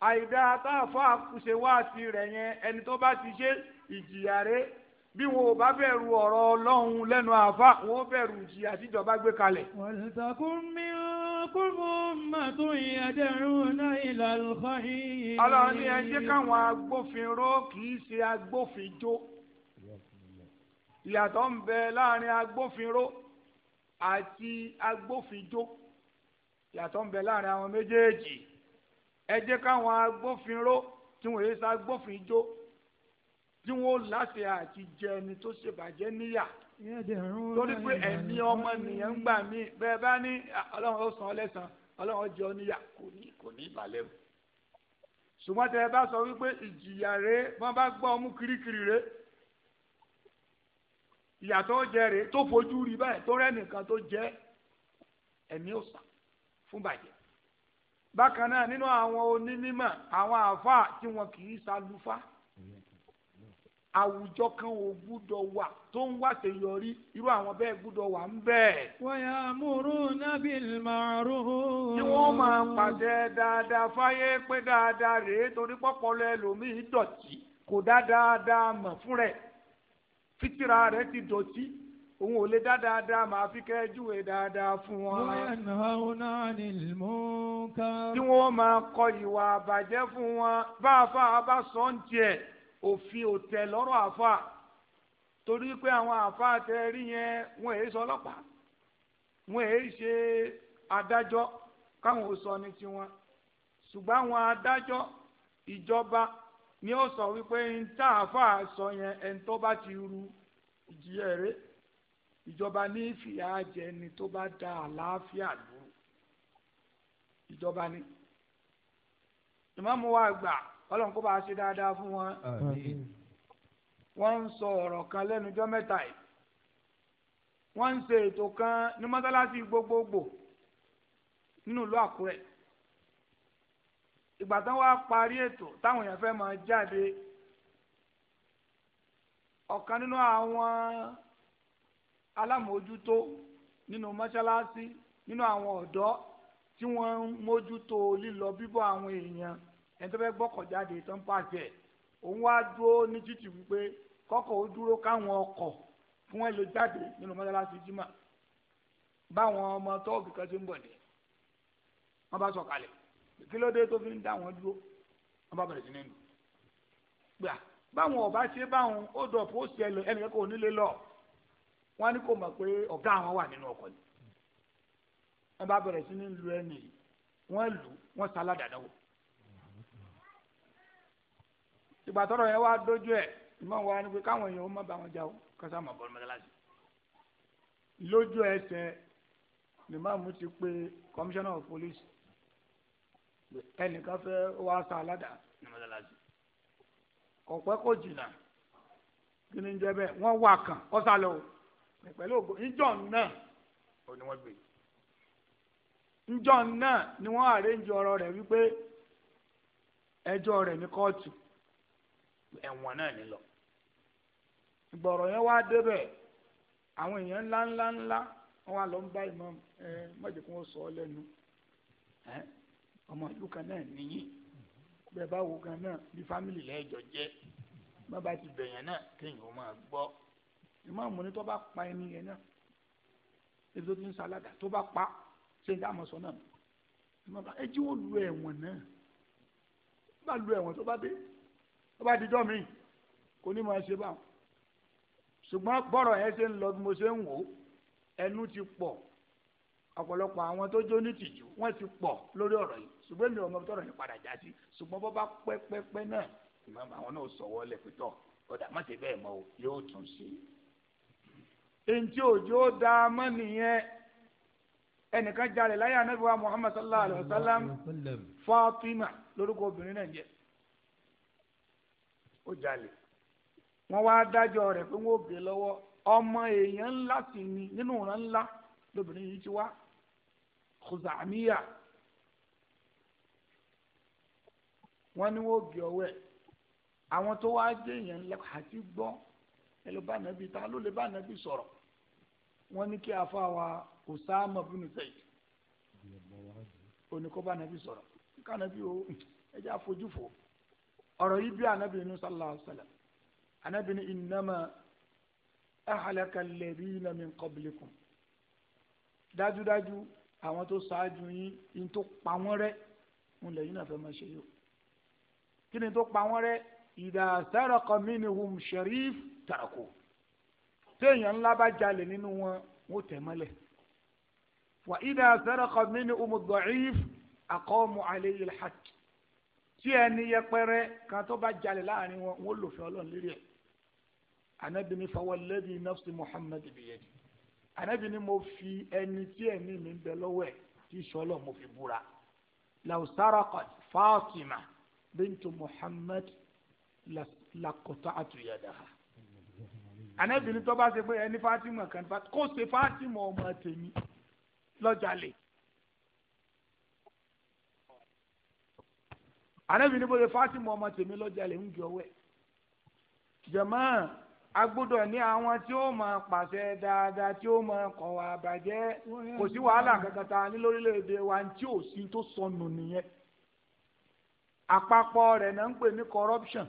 àìdáa tá a fà ṣe wáàsí rẹ̀ yẹn ẹni tó bá ti ṣe ìjìyà rẹ̀ bí wọn ò bá bẹ̀rù ọ̀rọ̀ ọlọ́run lẹ́nu àáfà wọn ò bẹ̀rù ìjìyà tíjọba gbé kalẹ̀. wàlùtàkùn ní ẹ káwọn agbófinró kì í ṣe agbófinjó ìyàtọ̀ ń bẹ láàrin agbófinró àti agbófinjó yàtọ̀ ń bẹ láàrin àwọn méjèèjì ẹ jẹ́ káwọn agbófinró tí wọ́n yé sá agbófinjó tí wọ́n láṣẹ àti jẹ ẹni tó ṣèbàjẹ́ níyà torí pé ẹ̀mí ọmọ nìyẹn ń gbà mí bẹ́ẹ̀ bá ní ọlọ́run ó san ọ lẹ́sàn ọlọ́run ó jẹ ọ níyà kò ní kò ní ìbàlẹ̀ o ṣùgbọ́n tẹ ẹ bá sọ wípé ìjìyà rèé wọ́n bá gbọ́ ọmú kirikiri rèé ìyàtọ̀ jẹ rè tó fojú rí báyìí tó rẹ́ nìkan tó jẹ́ ẹ̀mí òsà fún bàjẹ́ bákan náà nínú àwọn onímọ̀ àwọn àfa tí wọn kì í salufa. àwùjọ kan ò gbúdọ̀ wà tó ń wá ṣèyọrí irú àwọn bẹ́ẹ̀ gbúdọ̀ wà ń bẹ́ẹ̀. wọ́yà múrú nábì màrú. tí wọ́n máa pàṣẹ dáadáa fáyé pé dáadáa rèé torí pọ́pọ́lọ́ ẹlòmíì dọ̀tí kò dá dáadáa mọ̀ fún rẹ̀. fitira rẹ̀ ti dọ̀tí òun ò lè dá dáadáa màá fi kẹ́júwe dáadáa fún wọn. wọ́n náà wọ́n náà ní ìmúkà. tí wọ́n máa kọ ìwà àbàjẹ́ fún wọn bá a fa abá sọ ń tiẹ̀ òfin ò tẹ̀ lọ́rọ̀ àfa torí pé àwọn àfa tẹ rí yẹn wọn èyí sọ ọlọ́pàá wọn èyí ṣe adájọ́ káwọn ò sọ ní tiwọn ṣùgbọ́n àwọn adájọ́ ìjọba ni ó sọ wípé ń tá àáfàá sọ yẹn ẹni tó bá ti ru ìjìyà ìjọba ní ìfìyà jẹ ẹni tó bá da àlàáfíà lóru ìjọba ní. ìmáàmù wa gbà ọlọ́run kó bá a ṣe dáadáa fún wọn. wọ́n ń sọ ọ̀rọ̀ kan lẹ́nujọ́ mẹ́ta yìí wọ́n ń ṣe ètò kan ní mọ́sálásí gbogbogbò nínú ìlú àkúrẹ́ ìgbà tán wá parí ètò táwọn èèyàn fẹ́ máa jáde ọ̀kan nínú àwọn alámòójútó nínú mọ́ṣáláṣí nínú àwọn ọ̀dọ́ tí wọ́n ń mójútó lílọ bíbọ̀ àwọn èèyàn ẹni tó fẹ́ gbọ́kọ̀ jáde tó ń pàṣẹ òun wá dúró ní títì wípé kọ́kọ́ ó dúró káwọn ọkọ̀ kí wọ́n lè jáde nínú mọ́ṣáláṣí jimá báwọn ọmọ tóògì kan ti ń bọ̀ ní wọ́n bá sọ̀kalẹ̀ kí ló dé tó fi ń dá wọn dúró wọn bá bẹ̀rẹ̀ sí nínú gbà báwọn ọba ṣe báwọn ó dọ̀ pósì ẹ lọ ẹnìkan kò nílé lọ wọn ní kò mọ̀ pé ọ̀gá àwọn wà nínú ọkọ̀ yìí wọn bá bẹ̀rẹ̀ sí ní lu ẹnì wọn lù wọn sá aládàádáwò ìgbà tọrọ yẹn wá dójú ẹ ìmọ̀ wa ni pé káwọn èèyàn má bá jà ó kásá mọ̀ bọ́ọ̀lù mẹ́tàlásì lójú ẹsẹ̀ ni máàmù ti pé commissioner of police ẹnìkan fẹ́ wá sa aládàá ní mọ́sálásí ọ̀pẹ́ kò jìnnà kí ni jẹ́ bẹ́ẹ̀ wọ́n wà kàn ògbó náà ní gbé níjọ́ náà ni wípé ẹjọ rẹ ní kóòtù náà lọ ìgbọ̀rọ̀ yẹn wá débẹ̀ àwọn èèyàn wọn ọmọ ìlú kan náà nìyí bẹ́ẹ̀ bá wo kan náà bí fámìlì lẹ́jọ́ jẹ́ má bá ti bẹ̀yàn náà kéèyàn ó máa gbọ́ ìmáàmù ní tó bá pa ẹni yẹn náà ebi tó ti ń salada tó bá pa ṣe ń dáhùn sọ náà ìmáàmù ẹ jí wọn lu ẹ̀wọ̀n náà tó bá lu ẹ̀wọ̀n tó bá dé tó bá di dọ́mi kò ní máa ṣe báwọn ṣùgbọ́n bọ́rọ̀ yẹn ṣe ń lọ bí mo ṣe ń wò ó ẹnu ti pọ̀ ọ̀pọ̀lọpọ̀ àwọn tó jó ní tìjú wọ́n ti pọ̀ lórí ọ̀rọ̀ yìí ṣùgbọ́n mi ò mọ tọrọ yẹn padà já sí ṣùgbọ́n bọ́ bá pẹ́pẹ́pẹ́ náà ìmọ̀ọ́mọ àwọn náà sọ̀wọ́ lẹ̀ pẹ̀tọ̀ ọ̀dà má ṣe bẹ́ẹ̀ mọ́ o yóò tún ṣe. èntì òjò da mọ́ nìyẹn ẹnìkan jalè láyé anabi wa muhammad sallallahu alayhi wa sallam fatima lórúkọ obìnrin náà jẹ ó jalè wọn wá dájọ́ rẹ̀ pé wọn ò gbé lọ́wọ́ ọmọ èèyàn ńlá sì ni nínú ìran ńlá lóbìnrin yìí ti wá kùsàmíyà wọ́n ní wọ́n gé ọwọ́ ẹ̀ àwọn tó wá jẹ èèyàn lẹ́kọ̀ọ́ àti gbọ́ ẹ ló bá nàbí ta ló lè bá nàbí sọ̀rọ̀ wọ́n kí afa wa Usama bin Zayd oníkó bá nàbí sọ̀rọ̀ ká nàbí o ẹ jẹ́ àfojúfò ọ̀rọ̀ yìí bí anabi inú sallallahu alayhi anabi ní innama ahlaka alladhina min qablikum dájúdájú àwọn tó ṣáájú yín yín tó pa wọ́n rẹ́ ń lẹ́yìn náà fẹ́ máa ṣe yìí o kí ni tó pa wọ́n rẹ́ idha saraqa minhum sharif tààkù téèyàn ńlá bá jalè nínú wọn wọ́n tẹ̀ mọ́lẹ̀ wa idha saraqa minhum da'if aqamu alayhi al-hadd tí ẹni yẹpẹrẹ kan tó bá jalè láàrin wọn wọ́n lòfin ọlọ́run lérí ẹ̀ anabi ni fawalladhi nafsi muhammad biyadi anabi mo fi ẹni tí ẹni mi ń bẹ lọ́wọ́ ẹ̀ mo fi búra law saraqat fatima bintu muhammad lakota atuyadaha anabini tó bá ṣe pé ẹni fatima kan kó ṣe fatima ọmọ tèmi lọ́jàlè anabini bó ṣe fatima ọmọ tèmi lọ́jàlè ń jọ wẹ̀ jẹ̀mọ́ agbọ́dọ̀ ní àwọn tí ó máa pàṣẹ dáadáa tí ó máa kọ̀ wá bàjẹ́ kò sí wàhálà kankan ta ní lórílẹ̀‐èdè wa tí ò sí tó sọnù nìyẹn àpapọ̀ rẹ̀ náà ń pè ní corruption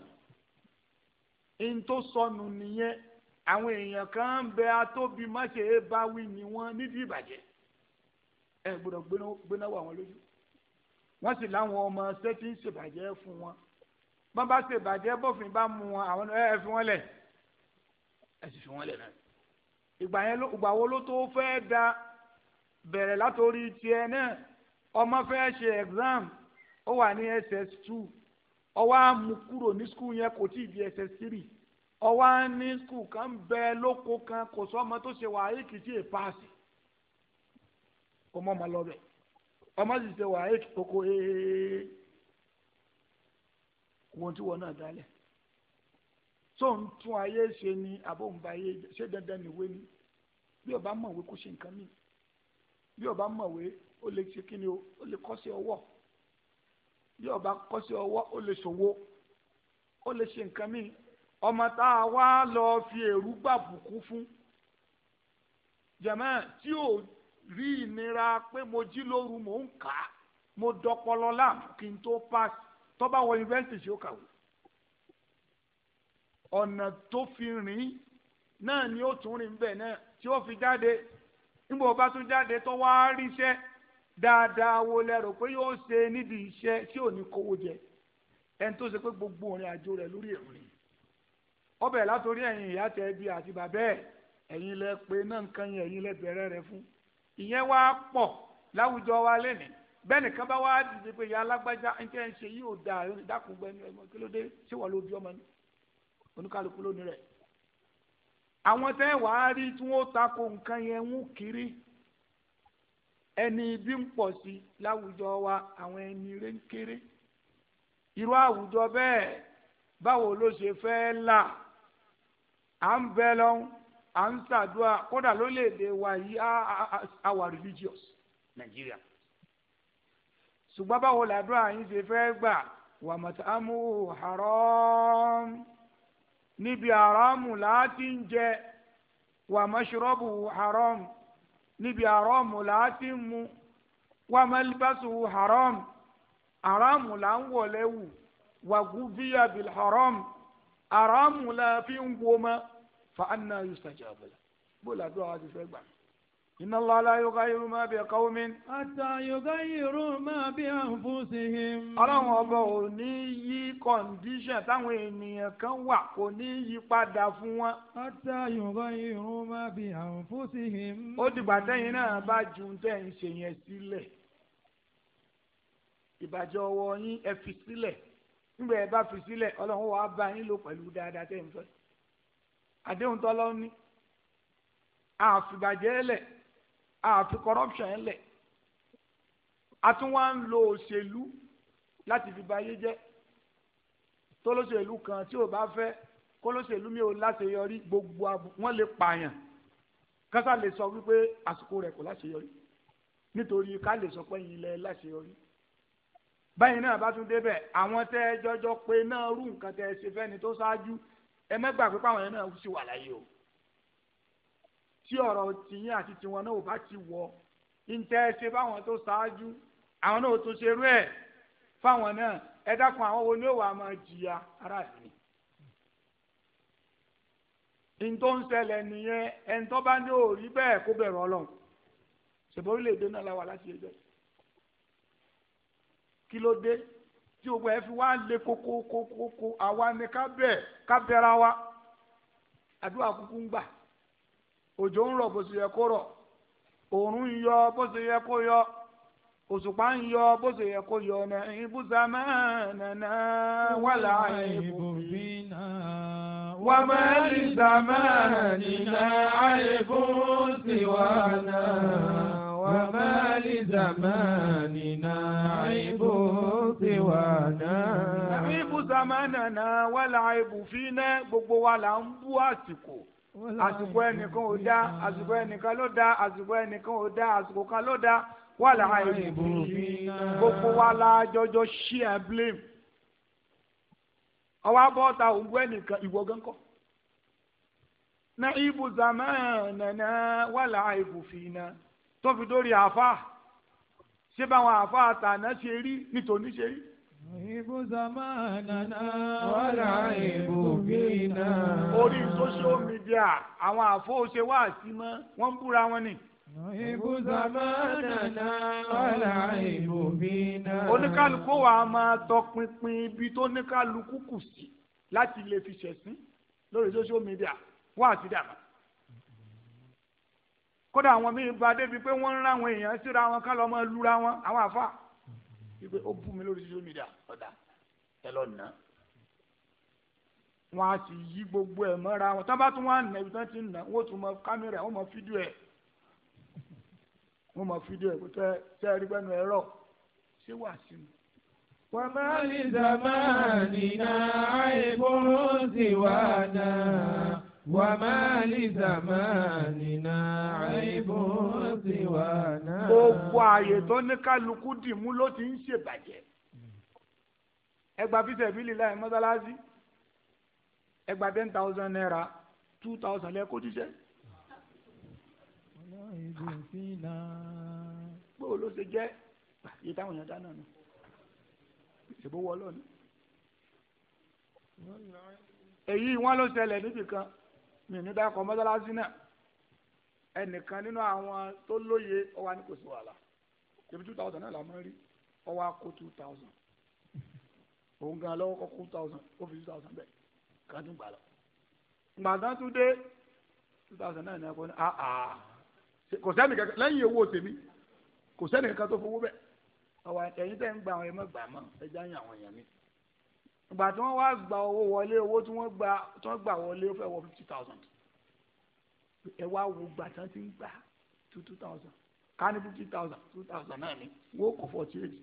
in tó sọnù nìyẹn àwọn èèyàn kan ń bẹ atóbi máṣe é bá wí ni wọ́n nídìí ìbàjẹ́ ẹ gbọ́dọ̀ gbéná wà wọ́n lójú wọ́n sì láwọn ọmọ ṣẹ́tí ń ṣèbàjẹ́ fún wọn bọ́n bá ṣèbàjẹ́ bófin bá mú wọn àwọn ẹ fi wọ́n lẹ̀ ẹ sì fi wọ́n lẹ̀ náà ìgbà yẹn ìgbà wo ló tó fẹ́ da bẹ̀rẹ̀ látòrí tiẹ̀ náà ọmọ fẹ́ ṣe exam ó wà ní ss two ó wá mú kúrò ní skul yẹn kò tí ì di ss three ó wá ní skul kan bẹ lóko kan kò sọ ọmọ tó ṣe wàhálà kì í ṣe paasi ọmọ ọmọ lọ bẹ ọmọ sì ṣe wàhálà kókó ee wọn tí wọn náà dálẹ tó ń tún ayé ṣe ni àbóǹba ayé ṣé dandan nìwé ni bí o bá mọ̀wé kó ṣe nǹkan mi bí o mọ̀wé o lè ṣe kí ni o lè kọ́ sí ọwọ́ yóò bá kọ́ṣẹ́ ọwọ́ ó lè ṣòwò ó lè ṣe nǹkan míì ọmọ tá a wá lọ fi èrú gbàbùkú fún jẹ̀mọ́ tí ò rí ìnira pé mo jí lóru mò ń kà á mo dọpọlọ láàmú kí n tó pass tó bá wọ yunifásitì ṣe ó kàwé ọ̀nà tó fi rìn náà ni ó tún rìn bẹ́ẹ̀ náà tí ó fi jáde níbo bá tún jáde tó wá ríṣẹ́ dáadáa wo lẹ́rọ pé yóò ṣe níbi iṣẹ́ tí ò ní kówó jẹ ẹni tó ṣe pé gbogbo òrìn àjò rẹ̀ lórí èrò ni ọbẹ̀ látòrí ẹ̀yin ìyá tẹ ẹbí àti bàbá ẹ̀ ẹ̀yin lẹ pé náà nǹkan yẹn ẹ̀yin lẹ bẹ̀rẹ̀ rẹ̀ fún ìyẹn wá pọ̀ láwùjọ wa lẹ́nìí bẹ́ẹ̀ nìkan bá wá dìde pé ìyá alágbájá ń tẹ́ ń ṣe yóò da dákùngbẹ́ni ẹ̀gbọ́n kí ló dé ṣé wà ló bí ọmọ ni oníkálukú lónìí rẹ̀ àwọn tẹ́ wàá rí tí wọ́n tako nǹkan yẹn ń kiri ẹni ibi ń pọ̀ sí láwùjọ wa àwọn ẹni rẹ̀ ń kéré irú àwùjọ bẹ́ẹ̀ báwo ló ṣe fẹ́ là à ń bẹ lọ́hún à ń ṣàdúrà kódà lórílẹ̀‐èdè wa yìí our religious Nigeria ṣùgbọ́n báwo làdúrà yín ṣe fẹ́ gbà wà mọ̀tàmú haram níbi haramu láti ń jẹ wà mọ̀ṣọ́rọ́bù haram. níbi àrọ́ọ̀mù là á ti mu wà mẹ́líbẹ́sù haram haramu là ń wọlé wù wà gúfíà bil haram haramu là fi ń wo ma fa anna yustajabu la bó la dúró fẹ́ gbà mí inna Allah la yughayyiru ma bi qawmin. hatta yughayyiru ma bi anfusihim. ọlọ́run ọba ò ní yí kọ́ndíṣàn táwọn ènìyàn kan wà kò ní yí padà fún wọn. hatta yughayyiru ma bi anfusihim. ó dìgbà tẹ́yìn náà bá ju tẹ́ ń ṣe yẹn sílẹ̀. ìbàjẹ́ ọwọ́ yín ẹ fi sílẹ̀ nígbà ẹ bá fi sílẹ̀ ọlọ́run wàá bá yín lò pẹ̀lú dáadáa tẹ́ ń fẹ́. àdéhùn tọ́lọ́ ní àfìbàjẹ́ lẹ̀ àfi corruption ẹ̀ lẹ̀ a tún wá ń lo òṣèlú láti fi ba ayé jẹ́ tólóṣèlú kan tí ò bá fẹ́ kólóṣèlú mi ò láṣeyọrí gbogbo wọn lè pààyàn kásá lè sọ wípé àsìkò rẹ̀ kò láṣeyọrí nítorí ká lè sọ pé ilẹ̀ láṣeyọrí báyìí náà bá tún débẹ̀ àwọn tẹ́ ẹ jọjọ pé náà rú nǹkan tẹ́ ẹ ṣe fẹ́ni tó ṣáájú ẹ mẹ́gbàá pé pàwọn yẹn náà ṣì wà láyé o tí ọ̀rọ̀ tìyín àti tiwọn náà ò bá ti wọ̀ ǹtẹ́ ẹ ṣe fáwọn tó ṣáájú àwọn náà ò tún ṣerú ẹ̀ fáwọn náà ẹ dákun àwọn wo ni ó wàá máa jìyà ara ẹ̀ ni ntọ́ ń ṣẹlẹ̀ nìyẹn ẹ̀ńtọ́ bá ní òòrí bẹ́ẹ̀ kó bẹ̀rù ọlọ́run ṣèbọ̀ orílẹ̀-èdè náà làwà láti ẹjọ́ kí ló dé tí gbogbo ẹ fi wá lé kókókókó àwa ni ká bẹ̀ ká bẹ̀ra wa àdúrà kúkú ń gbà òjò ń rọ̀ bó ṣe yẹ kó rọ̀ òòrùn ń yọ bó ṣe yẹ kó yọ òṣùpá ń yọ bó ṣe yẹ kó yọ ọ̀nà ìbú sàmánàná wà láàyè bòbí náà wà mẹ́lì sàmánìná àyèbó tiwa náà wà mẹ́lì sàmánìná àyèbó náà. wà láàyè bòbí náà gbogbo wa là ń bú àsìkò àsìkò ẹnìkan ò dá àsìkò ẹnìkan ló dá àsìkò ẹnìkan ò dá àsìkò kan ló dá wà láàyè gbogbo wa la jọjọ share blame ọwọ́ abọ́ta òǹgbọ ẹnìkan ìwọ gan kọ́ na ibu zamanana wà láàyè ìbùfín náà tó fi dórí àáfàá ṣé báwọn àáfàá tàná ṣe rí nítorí ṣe rí. Ibu zamanana wàlá ibu bínà. Orí social media àwọn àfọwọ́ṣe wá sí mọ́, wọ́n ń búra wọn ni. ibu zamanana wàlá ìbú bínà. Oníkálukú wa máa tọpinpin ibi tó níkálukú kù sí láti lè fi ṣẹ̀sín lórí social media wá sí dàgbà kódà àwọn míín ba débi pé wọ́n ń ráwọn èèyàn síra wọn ká lọ́ọ́ máa lura wọn àwọn àfa wípé ó bú mi lórí social media ọ̀dà ẹ lọ nà wọn a sì yí gbogbo ẹ mọ́ra wọn tán bá tún wọn nà ibi tán ti nà wọn tún mọ kámẹ́rà wọn mọ fídíò ẹ wọn mọ fídíò ẹ kó tẹ tẹ ẹ gbẹnu ẹ ṣé wà sí mi. وما لزماننا عيب سوانا wàmà lìzàmà nìna àìbò tiwa náà. gbogbo ààyè tó ní kálukú dìmú ló ti ń ṣèbàjẹ́ ẹgbàá fífẹ́ bíi lílá ẹ̀ mọ́sálásí ẹgbàá ten thousand naira two thousand lẹ́kọ́ jíṣẹ́. gbogbo ló ṣe jẹ́ iye táwọn èèyàn dáná nù ìṣèbówọ́ ọlọ́ọ̀ni èyí wọn ló ṣẹlẹ̀ níbìkan mi ní dákọ̀ mọ́sálásí náà ẹnìkan nínú àwọn tó lóye ọwọ́ ní kò sí wàhálà tẹ̀mí two thousand náà làwọn rí ọwọ́ akó two thousand òun gan lọ́wọ́ kọ́ two thousand ó fi two thousand bẹ́ẹ̀ kàn tún gbà lọ. gbàdán tún dé two thousand náà ní ẹ̀kọ́ ní àà kò sẹ́ni kankan lẹ́yìn owó tèmi kò sẹ́ni kankan tó fowó bẹ́ẹ̀ ọwọ́ ẹ̀yin tẹ́ ń gba àwọn ẹ̀mọ́ gbà mọ́ ẹja ń àwọn èèyàn mi ìgbà tí wọ́n wá gba owó wọlé owó tí wọ́n gba tí wọ́n gbà wọlé ó wọ fifty thousand ẹ wá wo gbà tí wọ́n ti ń gbà two two thousand ká ní fifty thousand two thousand náà ni wọ́n kò fọ́ tí èyí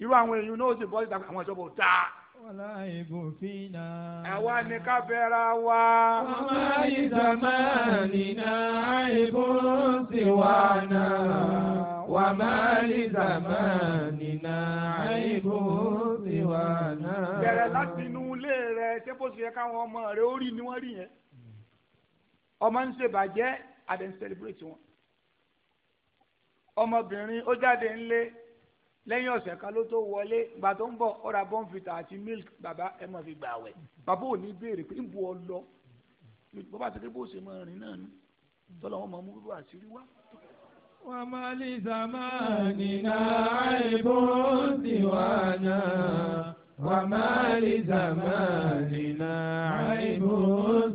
irú àwọn èèyàn náà ó sì bọ́ síta àwọn ìjọba ò dáa. Wọ́lá ìbò fínà. Àwa ni ká bẹ̀rẹ̀ wa. Wọ́lá ìsàmà nìna ìbò sì wà náà. Wàmà ìsàmà nìna ìbò àná. bẹ̀rẹ̀ láti inú ilé rẹ̀ ṣé bó ṣe yẹ káwọn ọmọ rẹ̀ ó rí ni wọ́n rí yẹn ọmọ ń ṣèbàjẹ́ àdé ń celebrate wọn ọmọbìnrin ó jáde ńlé lẹ́yìn ọ̀sẹ̀ kan ló tó wọlé gbà tó ń bọ̀ ó ra bọ́ǹfìtà àti milk bàbá ẹ mọ̀ fi gbà wẹ̀ bàbá ò ní béèrè pé ń bu ọ lọ bó bá ti dé bó ṣe máa rìn náà ni tọ́lọ́ wọn mọ̀ mú bíbá àṣírí wá tó وما لزماننا عيب سوانا وما لزماننا عيب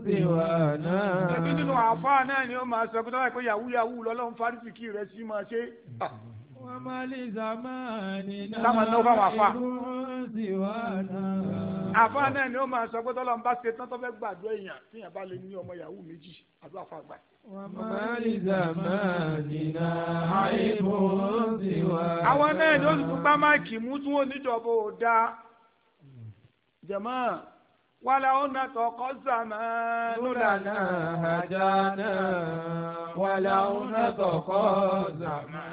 سوانا. ẹbí nínú àáfàá náà ni ó máa sọ pé tọ́lá ìpè yahoo yahoo lọ́lọ́run fárísìkì rẹ̀ sí máa ṣe. وما لزماننا عيب سوانا àfa náà ni ó máa sọ pé tọ́lọ́ ń bá ṣe tán tó fẹ́ gbàdúrà èèyàn tíyàn bá lè ní ọmọ yahoo méjì àdúrà fún àgbà. àwọn náà ni ó sì tún bá máìkì mú tí wọn níjọba ò dáa jẹ̀mọ́ wàlà ọ̀nà tọkọ sàmà nùlànà àjànà wàlà ọ̀nà tọkọ sàmà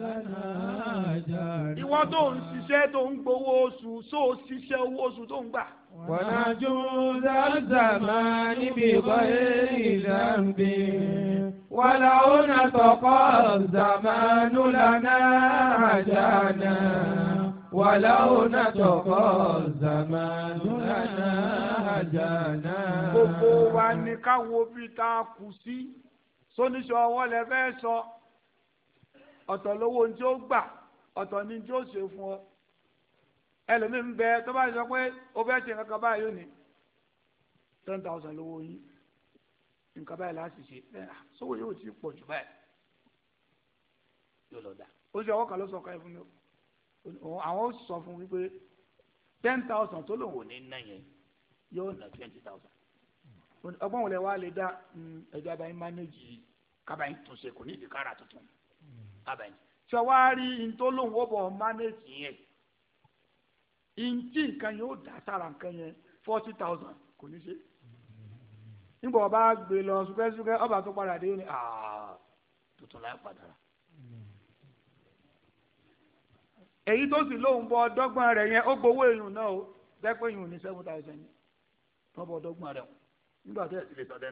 ìwọ tó ń ṣiṣẹ́ tó ń gbowó oṣù só ṣiṣẹ́ owó oṣù tó ń gbà. wàlájú zazàmà níbi ìkọ́ ìdàmbé wàlá òun àtọkọ zàmánú lànà àjànà wàlá òun àtọkọ zàmánú lànà àjànà. gbogbo wa ni káwo fi ta kù sí sóníṣọ ọwọ́ fẹ́ sọ. So ọ̀tọ̀ lówó ohun tí ó gbà ọ̀tọ̀ ni tí ó ṣe fún ọ ẹlòmíín bẹ tó bá sọ pé o fẹ́ ṣe nǹkan báyìí ò ten thousand lówó yín nǹkan báyìí láti ṣe ẹ ah, sówó yóò ti pọ̀ jù báyìí yóò lọ dà ó ọwọ́ kan ló sọ ọkọ yẹn fún mi àwọn ó sọ fún mi pé ten thousand tó lòun ò ní ná yẹn yóò ná twenty thousand ọgbọ́n wọlé wa lè dá hmm, manage, báyìí mánéjì kábàáyí túnṣe kò ní ìdíkàrà tuntun. abẹ́ni tí wá rí in tó mánéjì yẹn in nǹkan dá sára nǹkan yẹn forty thousand kò ní ṣe nígbà ọba gbé lọ ọba tó padà dé ní ah, tuntun láì padà rà èyí tó sì bọ ọdọ́gbọ́n rẹ̀ yẹn ó gbowó èèyàn náà ó dẹ́pẹ́ èèyàn ní seven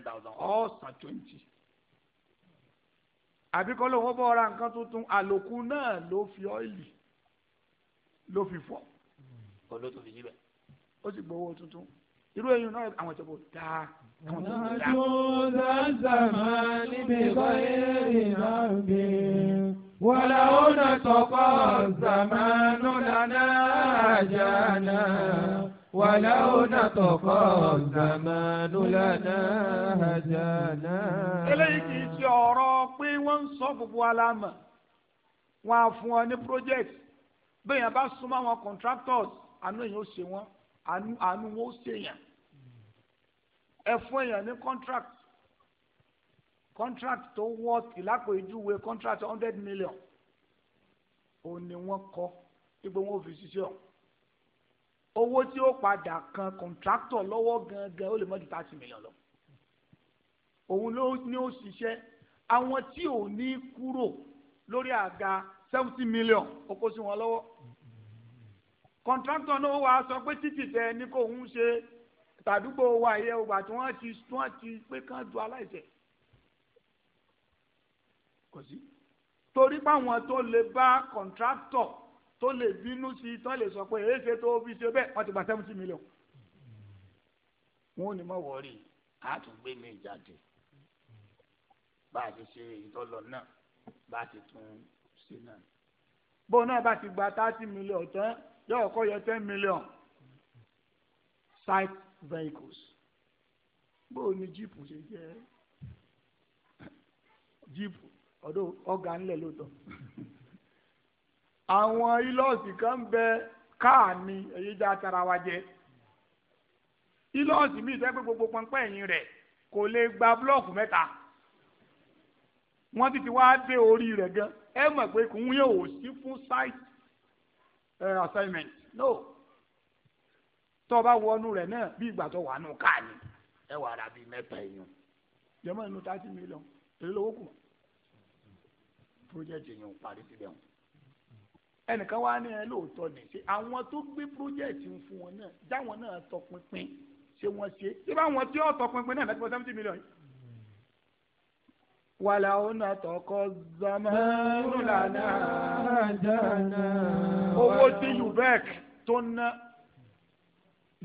thousand ní àbí kọ́ lóun ó bọ́ ra nǹkan tuntun àlòkù náà ló fi ọ́ìlì ló fi fọ́ ló tó fi síbẹ̀ ó sì gbowó tuntun irú eyín náà àwọn ìjọba ò dáa. Ọdún lásàmà níbi ìkọ́ èrè náà gbé. Wàlá ó nà tọkọ sàmánú lánàá àjànà. ولو نطق الزمان لنا هدانا. eléyìí kì í ṣe ọ̀rọ̀ pé wọ́n ń sọ gbogbo alámà wọn á fún ọ ní project bẹ́ẹ̀ yẹn bá súnmọ́ àwọn contractors àánú èèyàn ó ṣe wọ́n àánú wọn ó ṣèyàn ẹ fún èèyàn ní contract contract tó wọ́ ìlápò ìjúwe contract hundred million òun ni wọ́n kọ́ pé wọ́n ò fi ṣiṣẹ́ ọ̀hún owó tí ó padà kan kọ̀ǹtráktọ̀ lọ́wọ́ gangan ó lè mọ́ ju thirty million lọ òun ló ní ó ṣiṣẹ́ àwọn tí ò ní kúrò lórí àga seventy million ó kó sí wọn lọ́wọ́ kọ̀ǹtráktọ̀ náà wà á sọ pé títì tẹ ní kò ń ṣe tàdúgbò wa yẹ ògbà tí wọ́n ti wọ́n ti pé kán du aláìṣẹ̀ kò sí torí báwọn tó lè bá kọ̀ǹtráktọ̀ tó lè bínú sí tó lè sọ pé èéṣe tó fi ṣe bẹ́ẹ̀ wọ́n ti gba seventy million. wọ́n ò ní mọ̀ wọ́ọ̀rì àtúngbé mi jáde bá a ti ṣe ìtọ́lọ náà bá a ti tún ṣe náà. bó náà bá ti gba thirty million tán yóò kọ́ yọ ten million site vehicles bó o ní jíìpù ṣe jẹ́ jíìpù ọ̀dọ̀ ọ̀gá ńlẹ̀ lóòótọ́ àwọn ilọ́ọ̀sì kan ń bẹ káà ni èyí já tara wa jẹ ilọ́ọ̀sì mi ìtẹ́gbẹ́ gbogbo pọnpẹ́ ẹ̀yìn rẹ̀ kò lè gba búlọ́ọ̀kù mẹ́ta wọ́n ti ti wá dé orí rẹ̀ gan ẹ mọ̀ pé kò ń yóò sí fún site uh, assignment no tó o bá wọnú rẹ̀ náà bí ìgbà tó wà nù káà ni ẹ wà ra bíi mẹ́ta èèyàn jẹ́mọ́ inú thirty million èlé lówó kù project yẹn ò parí síbẹ̀ wọn ẹnìkan wá ní ẹ lóòótọ́ ni ṣe àwọn tó gbé project ń fún wọn náà jáwọn náà tọpinpin ṣé wọ́n ṣe ṣé báwọn tí ó tọpinpin náà láti fọ seventy million yìí wàlà ọ̀nà tọkọ zamanu lana owó tí ubec tó ná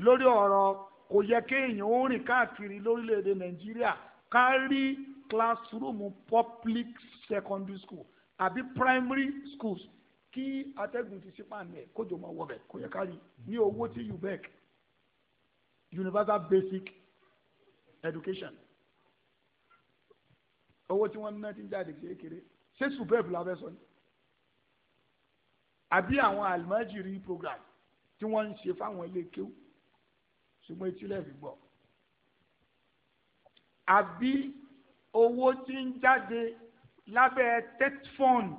lórí ọ̀rọ̀ kò yẹ kéèyàn ó rìn káàkiri lórílẹ̀‐èdè nàìjíríà ká rí classroom public secondary school àbí primary schools kí atẹ́gùn ti sípà ń bẹ̀ kójò máa wọ̀ bẹ̀ kò yẹ kárí ní owó tí UBEC universal basic education owó tí wọ́n ná ti ń jáde ṣe kéré ṣé superb la fẹ́ sọ ni àbí àwọn alimajiri program tí wọ́n ń ṣe fáwọn ilé kéwù ṣùgbọ́n etílẹ̀ fi gbọ́ àbí owó tí ń jáde lábẹ́ tech fund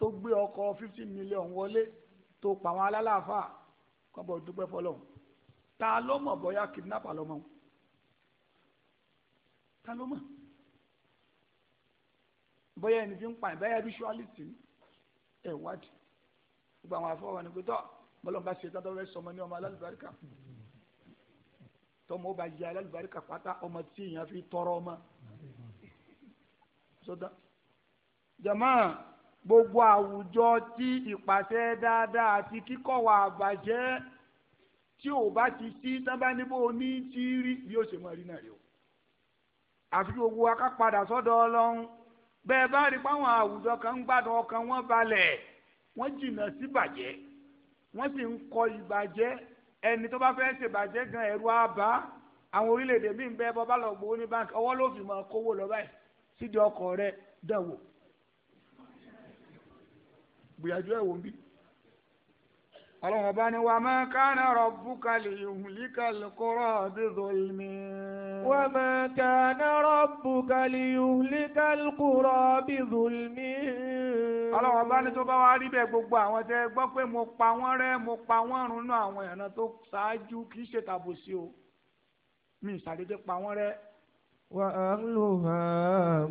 tó gbé ọkọ̀ fifteen million wọlé tó pa àwọn alálàáfà kọ́bọ̀ dúpẹ́ fọlọ́ ta ló mọ̀ bóyá kidnapper lọ́mọ ta ló mọ̀ bóyá ẹni tí ń pa ìbáyà visuality ẹ̀ wádìí gbogbo àwọn afọwọ́ ni pé tọ́ bọ́lọ́n bá ṣe tán tó fẹ́ sọmọ ní ọmọ alálùbáríkà tọmọ ó bá yẹ alálùbáríkà pátá ọmọ tí èèyàn fi tọrọ ọmọ sọdá jama gbogbo àwùjọ tí ìpàṣẹ dáadáa àti kíkọ̀wà àbàjẹ́ tí ò bá ti sí tábánibó ní tí rí bí ó ṣe mọ rí náà rí o àfi gbogbo akápadà sọ́dọ̀ Ọlọ́run bẹ́ẹ̀ bá rí páwọn àwùjọ kan ń gbádùn ọkàn wọn balẹ̀ wọ́n jìnnà sí bàjẹ́ wọ́n sì ń kọ ìbàjẹ́ ẹni tó bá fẹ́ ṣèbàjẹ́ gan ẹ̀rù àbá àwọn orílẹ̀-èdè míì ń bẹ́ẹ̀ bọ́ bá lọ gbowó ní báńkì ọwọ́ ló fi mọ kówó lọ báyìí sídìí ọkọ̀ rẹ̀ dẹ̀wò gbìyànjú ẹ̀ wò ń bí. ọlọ́run ọba ni wà máa kánà rabbuka li yuhlikal qura bi zulmi. wà máa kánà rabbuka li yuhlikal qura bi zulmi. ọlọ́run ọba ni tó bá wá rí bẹ́ẹ̀ gbogbo àwọn tẹ́ gbọ́ pé mo pa wọ́n rẹ́ mo pa wọ́n run àwọn ìyànà tó ṣáájú kì í ṣètàbòsí o mi ìṣàdédé pa wọ́n rẹ́ وأهلها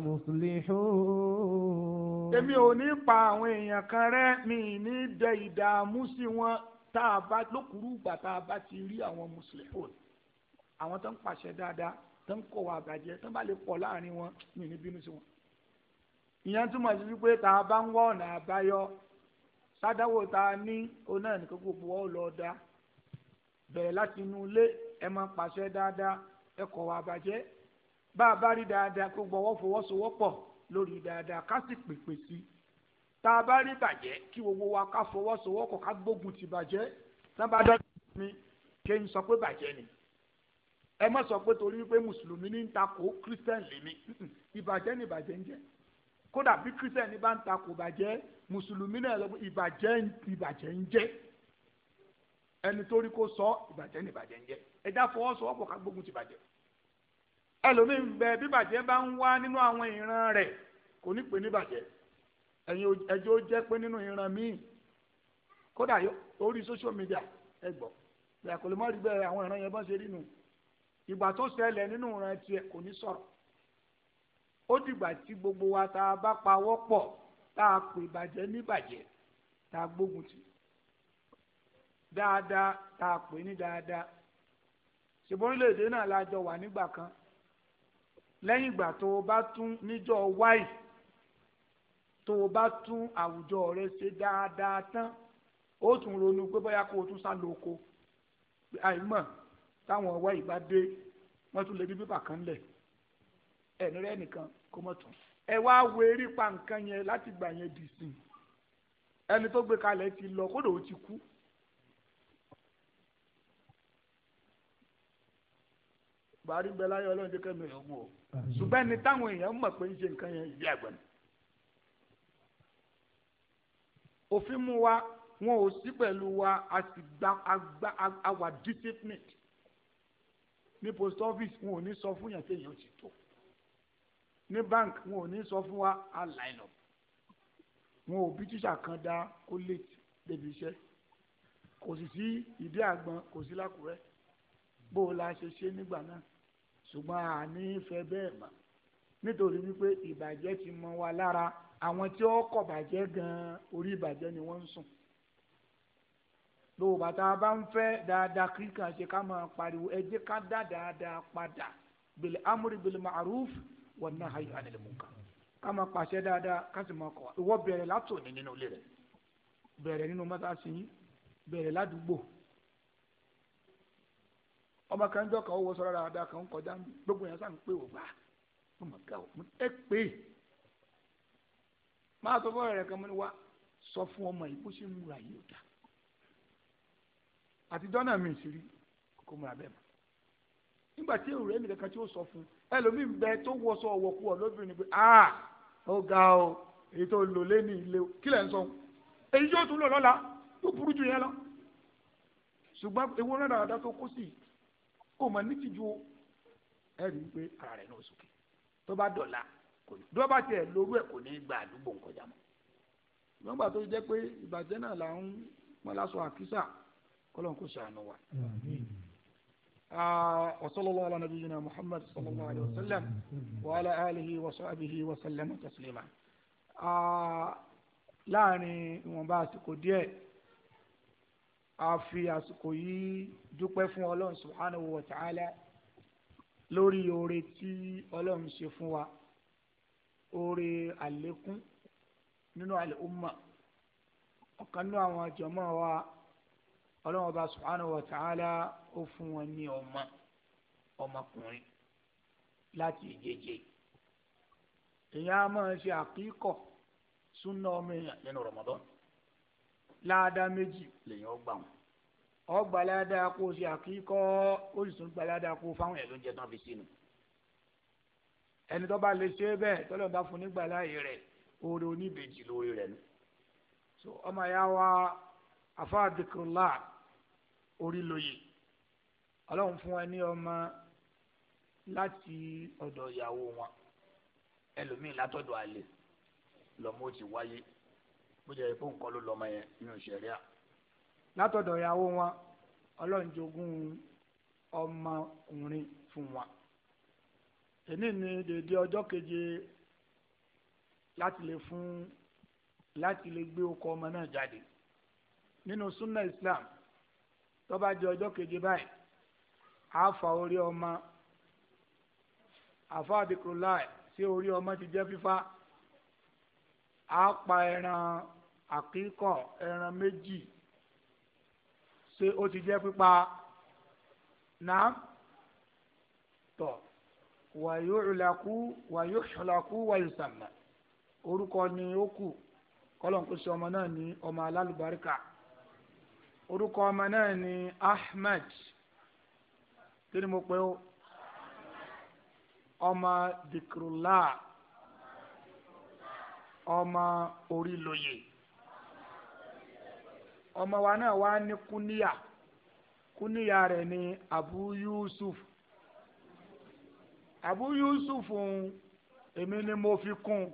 مفلحون èmi ò ní pa àwọn èèyàn kan rẹ́ mi ní dẹ ìdààmú sí wọn tá a bá lókùrú ìgbà tá a bá ti rí àwọn mùsùlùmí àwọn tó ń pàṣẹ dáadáa tó ń kọ̀wé àbàjẹ́ tó ń bá lè pọ̀ láàrin wọn mi ní bínú sí wọn. ìyẹn túmọ̀ sí wípé tá a bá ń wọ ọ̀nà àbáyọ sádáwò tá a ní oná ẹnìkan gbogbo wọn ò lọ da bẹ̀rẹ̀ láti inú ilé ẹ máa pàṣẹ dáadáa ẹ kọ̀wé àbàjẹ́ bá a bá rí dáadáa kó gbọ́wọ́ fọwọ́sowọ́pọ̀ lórí dáadáa ká sì pèpè sí i tá a bá rí bàjẹ́ kí gbogbo wa ká fọwọ́sowọ́pọ̀ ká gbógun ti bàjẹ́ sábàdàn mi kí n sọ pé bàjẹ́ ni ẹ má sọ pé torí pé mùsùlùmí ní ń takò kírísítẹ́nì lèmi ìbàjẹ́ ni ìbàjẹ́ ń jẹ́ kódà bí kírísítẹ́nì bá ń takò bàjẹ́ mùsùlùmí náà lọ ìbàjẹ́ ìbàjẹ́ ń jẹ́ ẹni torí kó sọ ìbàjẹ́ ni ìbàjẹ́ ń jẹ́ ẹ̀dá fọwọ́sowọ́pọ̀ ká gbógun ti bàjẹ́ ẹlòmíín bẹ bíbàjẹ́ bá ń wá nínú àwọn ìran rẹ̀ kò ní pè ní bàjẹ́ ẹ̀yin ẹjọ́ jẹ́ pé nínú ìran míì kódà orí social media ẹ gbọ́ bẹ́ẹ̀ kò lè mọ́ rí bẹ́ẹ̀ àwọn ìran yẹn bá ń ṣe rí nù ìgbà tó ṣẹlẹ̀ nínú ìran tiẹ̀ kò ní sọ̀rọ̀ ó dìgbà tí gbogbo wa tá a bá pawọ́ pọ̀ tá a pè bàjẹ́ ní bàjẹ́ tá a gbógun tì dáadáa tá a pè ní dáadáa ṣùgbọ́n orílẹ̀-èdè náà la wà nígbà kan lẹ́yìn ìgbà tó o bá tún níjọ́ wáì tó o bá tún àwùjọ rẹ ṣe dáadáa tán ó tún ronú pé bóyá kó o tún sá lóko àìmọ̀ táwọn wáì bá dé wọ́n tún lè bí pépà kan lẹ̀ ẹ̀ní rẹ̀ nìkan kó mọ̀ tún ẹ wá wo eré pa nǹkan yẹn láti gbà yẹn dì sí ẹni tó gbé kalẹ̀ ti lọ kódò ó ti kú buhari bẹ láyé ọlọ́run jẹ́ kẹ́mi ọ̀gùn o ṣùgbọ́n ẹni táwọn èèyàn mọ̀ pé ń ṣe nǹkan yẹn ìdí àgbà ni. òfin mú wa wọn ò sí pẹ̀lú wa a sì gba agba àwa discipline ní post office wọn ò ní sọ fún yàn téèyàn ti tó ní bank wọn ò ní sọ fún wa a line up wọn ò bí tíṣà kan dá kó late débi iṣẹ́ kò sì sí ìdí àgbọn kò sí lákùrẹ́ bó o la ṣe ṣe nígbà náà ṣùgbọ́n a ní fẹ́ bẹ́ẹ̀ mọ́ nítorí wípé ìbàjẹ́ ti mọ́ wa lára àwọn tí ó kọ̀ bàjẹ́ gan orí ìbàjẹ́ ni wọ́n ń sùn lóòbá tá a bá ń fẹ́ dáadáa kíkan ṣe ká máa pariwo ẹ jẹ́ ká dá dáadáa padà bil amri bil ma'ruf wan nahyi anil munkar ká máa pàṣẹ dáadáa ká sì máa kọ̀ wá ìwọ bẹ̀rẹ̀ látòní nínú ilé rẹ̀ bẹ̀rẹ̀ nínú mọ́tàsí bẹ̀rẹ̀ ládùúgbò ọmọ kan jọ kan owó sọ̀rọ̀ dáadáa kan kọjá gbogbo yẹn sàn pé ògbà ọmọ ga ò mú ẹ pé máa sọ fún ọ̀rẹ́ rẹ̀ kan mo ní wá sọ fún ọmọ yìí bó ṣe ń múra yìí ó dá àtijọ́ náà mi sì rí kó múra bẹ́ẹ̀ mọ́ nígbà tí èrò ẹnì kankan tí ó sọ fún ẹlòmíì ń bẹ tó wọṣọ ọwọkú ọ lóbìnrin pé a ó ga o èyí tó lò lé ní ilé o kí lẹ̀ ń sọ èyí yóò tún lò lọ́la tó burú jù yẹn lọ ṣùgbọ́n ewu dáadáa tó kó sí ó mọ ní tìjú ẹ rí i pé ara rẹ̀ náà sókè tó bá dọ̀la kò ní tó bá tiẹ̀ lórú ẹ̀ kò ní gba àdúgbò nkọjá mọ́ ìgbọ́n gbà tó jẹ́ pé ìbàjẹ́ náà là ń pọ́n lásọ àkísà kọ́lọ́n kò ṣàánú wa. وصلى على نبينا محمد صلى الله عليه وسلم وعلى آله وصحبه وسلم تسليما láàrin ìwọ̀nba àsìkò díẹ̀ a fi àsìkò yìí dúpẹ́ fún ọlọ́run subhanahu wa ta'ala lórí oore tí ọlọ́run ṣe fún wa oore àlékún nínú al-umma ọ̀kan nínú àwọn àjọmọ́ wa ọlọ́run ọba subhanahu wa ta'ala ó fún wọn ní ọmọ ọmọkùnrin láti ìjẹjẹ èèyàn á máa ṣe àkíkọ̀ súnà ọmọ èèyàn nínú Ramadan láàdá méjì lèyàn gbà wọn ọgbà ládàá kó o ṣe àkíkọ ó sì tún gbà ládàá kó o fáwọn ẹ̀ ló ń jẹ tán fi sínú ẹni tó bá lè ṣe é bẹ́ẹ̀ tọ́lọ̀ bá fún nígbà láàyè rẹ̀ oore oníbejì lórí rẹ̀ ni so ọmọ ya wa afáàdìkúrúlá orí lóye ọlọ́run fún ẹ ní ọmọ láti ọ̀dọ̀ ìyàwó wọn ẹlòmíín látọ̀dọ̀ àlè lọ́mọ ó ti wáyé bó jẹ́ ikú nǹkan ló lọ́mọ yẹn nínú ìṣẹ̀ríà. látọ̀dọ̀ ìyàwó wọn ọlọ́run ọmọkùnrin fún wọn. èmi ni dèdè ọjọ́ keje láti lè fún láti lè gbé ọkọ ọmọ náà jáde. nínú sunna islam tó bá jẹ́ ọjọ́ keje báyìí a fa orí ọmọ àfa àdìkúrò láì sí orí ọmọ ti jẹ́ fífa á pa ẹran àkíkọ̀ ẹran méjì ṣé ó ti jẹ́ pípa náà tọ̀ wàyúhùlákú wàyúhùlákú wàyúsàmà orúkọ ni ó kù kọlọ́nkú sí ọmọ náà ní ọmọ alálùbáríkà orúkọ ọmọ náà ní Ahmed kí ni mo pè ó ọmọ dìkrùláà. ọmọ orílòyè ọmọ wa náà wá ní kúníyà kúníyà rẹ ní abu yusuf abu yusuf èmi ni mo fi kún un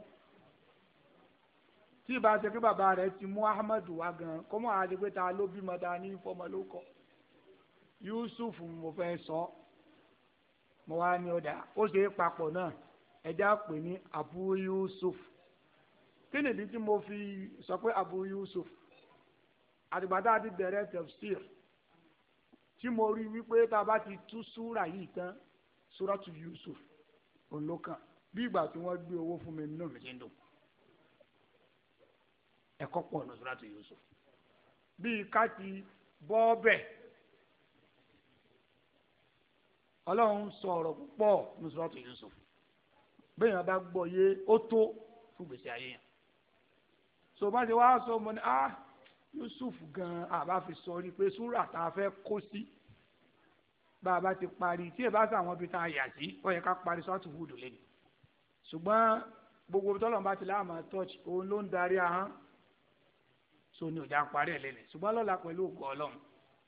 tí ìbá ṣe pé bàbá rẹ̀ ti mú ahmadu wá gan kó mọ̀ àti pé ta ló bímọ ta ní fọmọ ló kọ yusuf mo fẹ́ sọ mo wá ní ọdà ó ṣe é papọ̀ náà ẹja pè ní abu yusuf. kí nìdí tí mo fi sọ pé Abu Yusuf àdìgbàdá ti bẹ̀rẹ̀ tafsir tí mo rí wípé tá a bá ti tú súrà yìí tán súratu Yusuf olókàn bí ìgbà tí wọ́n gbé owó fún mi náà mi ti ń dùn ẹ̀kọ́ pọ̀ ní súratu Yusuf bíi ká ti bọ́ bẹ̀ ọlọ́run sọ ọ̀rọ̀ púpọ̀ ní súratu Yusuf bẹ́ẹ̀ yẹn bá gbọ́ yé ó tó fún gbèsè ayé yẹn so bá ṣe wá sọ ọmọ ni ah Yusuf gan àbá fi sọrí pé súrà tá a fẹ́ kó sí bá a bá ti parí tí ẹ bá sàwọn ibi tá a yà sí ó yẹ ká parí sọ́ọ̀tù wúdù lẹ́nu ṣùgbọ́n gbogbo tọ́lọ̀ bá ti láàmà touch òun ló ń darí ahọ́n so ni òjà ń parí ẹ̀ lẹ́nu ṣùgbọ́n lọ́la pẹ̀lú ògùn ọlọ́run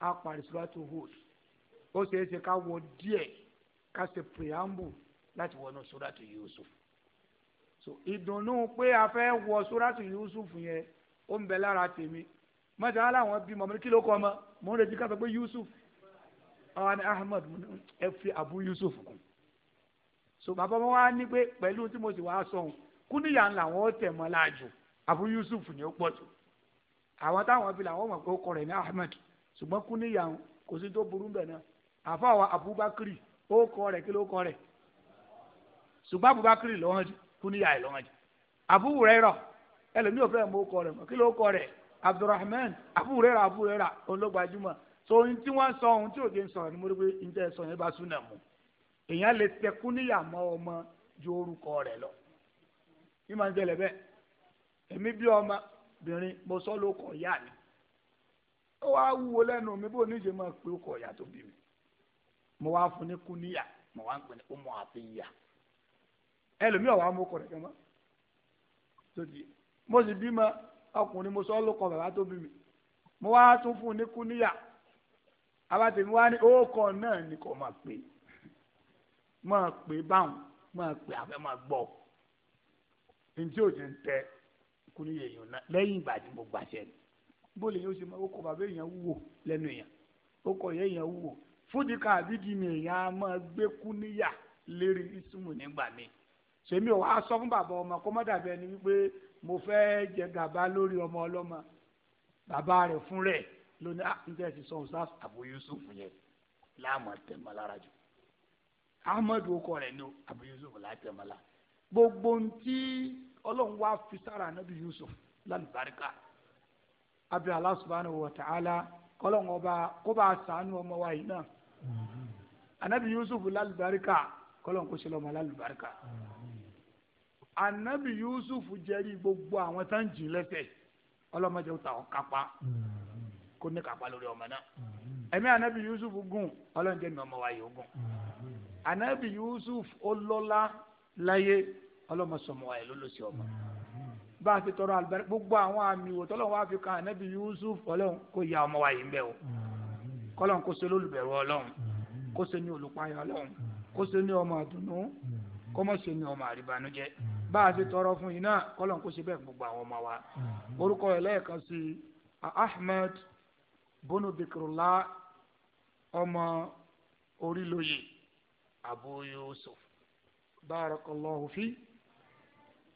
á parí sọ́ọ̀tù wúdù ó ṣeé ṣe ká wọ díẹ̀ ká ṣe preamble láti wọnú sọ́ọ̀tù Yusuf so ìdùnnú pé a fẹ́ wọ sóràtù Yusuf yẹn ó ń bẹ lára tèmi mọ̀tí aláwọn bímọ mi kí ló kọ́ ọmọ mò ń retí ká sọ pé Yusuf ọ̀hún ni Ahmed ẹ fi Abu Yusuf kù so bàbá wọn wá ní pé pẹ̀lú tí mo sì wá sọ̀hún kúníyà ńlá wọn tẹ̀ mọ́ láàjò Abu Yusuf ni ó pọ̀ jù àwọn táwọn fi làwọn mọ̀ pé ó kọ rẹ̀ ní Ahmed ṣùgbọ́n kúníyà kò sí tó burú bẹ̀ náà àfọwọ́ Abubakar ó kọ kí ló kọ ṣùgbọ́n Abubakar lọ́wọ́ jù kúníyà ẹ̀ lọ́wọ́ jù Abu Hurairah ẹlòmíì ò fẹ́ mọ ọkọ rẹ̀ mọ́ kí ló kọ rẹ̀ Abdurrahman Abu Hurairah Abu Hurairah olóògbàjúmọ̀ so ohun tí wọ́n sọ ohun tí òde ń sọ ni mo rí pé ń tẹ́ sọ yẹn bá súnà mu èèyàn lè tẹ kúníyà mọ́ ọmọ ju orúkọ rẹ̀ lọ bí màá ń tẹ̀lé bẹ́ẹ̀ èmi bí ọmọ obìnrin mo sọ ló kọ ìyá mi ó wá wúwo lẹ́nu mi bó níṣe máa pe ó kọ ìyá tó bí mi mo wá fún ní kúníyà mo wá ń pè ní ó mọ àfihàn ẹlòmíọ̀ wà á mú ọkọ̀ rẹ̀ kẹ́mọ́ sódì mo sì bímọ ọkùnrin mo sọ bàbá tó bí mo wá tún fún un ní kúníyà abatẹ̀mí wá ní ókọ̀ náà ni kò máa pè máa pè báwọn máa pè àfẹ́ máa gbọ́ ntí ti ń tẹ kúníyà èèyàn náà lẹ́yìn ìgbà tí mo gbàṣẹ ni bó lè ṣe máa bàbá èèyàn wúwo èèyàn yẹ èèyàn wúwo fúdìkà èèyàn sèmi ò wá sọ fún bàbá ọmọ kó má dàbí ẹni wípé mo fẹ́ jẹ gàba lórí ọmọ ọlọ́mọ bàbá rẹ̀ fún rẹ̀ lónìí à ah, ń tẹ̀sí sọ ọ̀sán àbò Yusuf yẹn láàmú tẹ̀mọ́ lára jù Ahmadu okọ rẹ̀ ni àbò Yusuf látẹ̀mọ́ la gbogbo ntí ọlọ́run wá fi sára anabi Yusuf lálùbáríkà abi Allah subhanahu wa ta'ala kọ́lọ́n ọba kó bá a sànú ọmọ wa yìí náà anabi Yusuf lálùbáríkà kọ́lọ́n kó ṣe lọ́mọ lálùbáríkà. Mm -hmm anabi yusuf jẹ́rìí gbogbo àwọn tá ń jìn lẹ́sẹ̀ ọlọ́mọdé ó ta ọ kápá kó ní kápá lórí ọmọ náà ẹ̀mí anabi yusuf gùn ọlọ́njẹ́ ní ọmọ wa yìí ó gùn anabi yusuf ọlọ́lá láyé ọlọ́mọsọmọ wa yìí ló lọ sí ọmọ bá a ti tọrọ àlùbáríkà gbogbo àwọn àmì wò tọ́lọ́wọ́n wá fi kan anabi yusuf ọlọ́run kó ya ọmọ wa yìí ń bẹ̀ o kọ́lọ́n kó ṣe lólùbẹ̀rù ọlọ́run kó ṣe ní olùpayọ̀ ọlọ́run kó ṣe ní ọmọ àdùnnú kó má ṣe ní ọmọ àríbànújẹ́ bá a ṣe tọrọ fún yìí náà kọ́lọ́n kó ṣe bẹ́ẹ̀ gbogbo àwọn ọmọ wa mm-hmm. orúkọ ẹ̀ lẹ́ẹ̀kan sí ahmed bono bikrula ọmọ orílóye abu yusuf barakallahu fi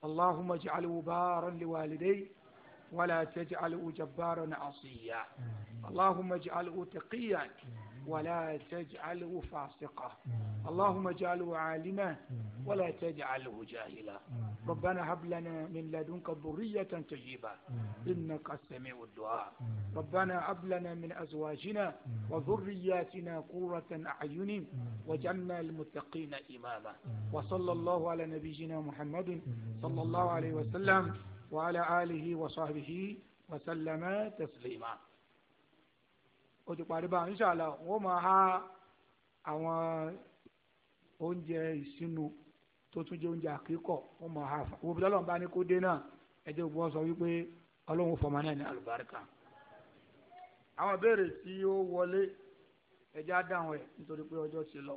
allahumma ja'alhu baran liwalidai wala taj'alhu jabbaran asiya mm-hmm. allahumma ja'alhu taqiyan. Mm-hmm. ولا تجعله فاسقا اللهم اجعله عالما ولا تجعله جاهلا ربنا هب لنا من لدنك ذرية طيبة إنك السميع الدعاء ربنا هب لنا من أزواجنا وذرياتنا قرة أعين وجعلنا المتقين إماما وصلى الله على نبينا محمد صلى الله عليه وسلم وعلى آله وصحبه وسلم تسليما ó ti parí báyìí inṣàlá wọn máa há àwọn oúnjẹ ìsinu tó tún jẹ oúnjẹ àkíkọ wọn máa há fún wọn bí lọ́lọ́run bá ní kó dé náà ẹjẹ ògbó sọ wípé ọlọ́run fọmọ náà ní àlùbáríkà àwọn tí ó wọlé ẹjẹ ẹ lọ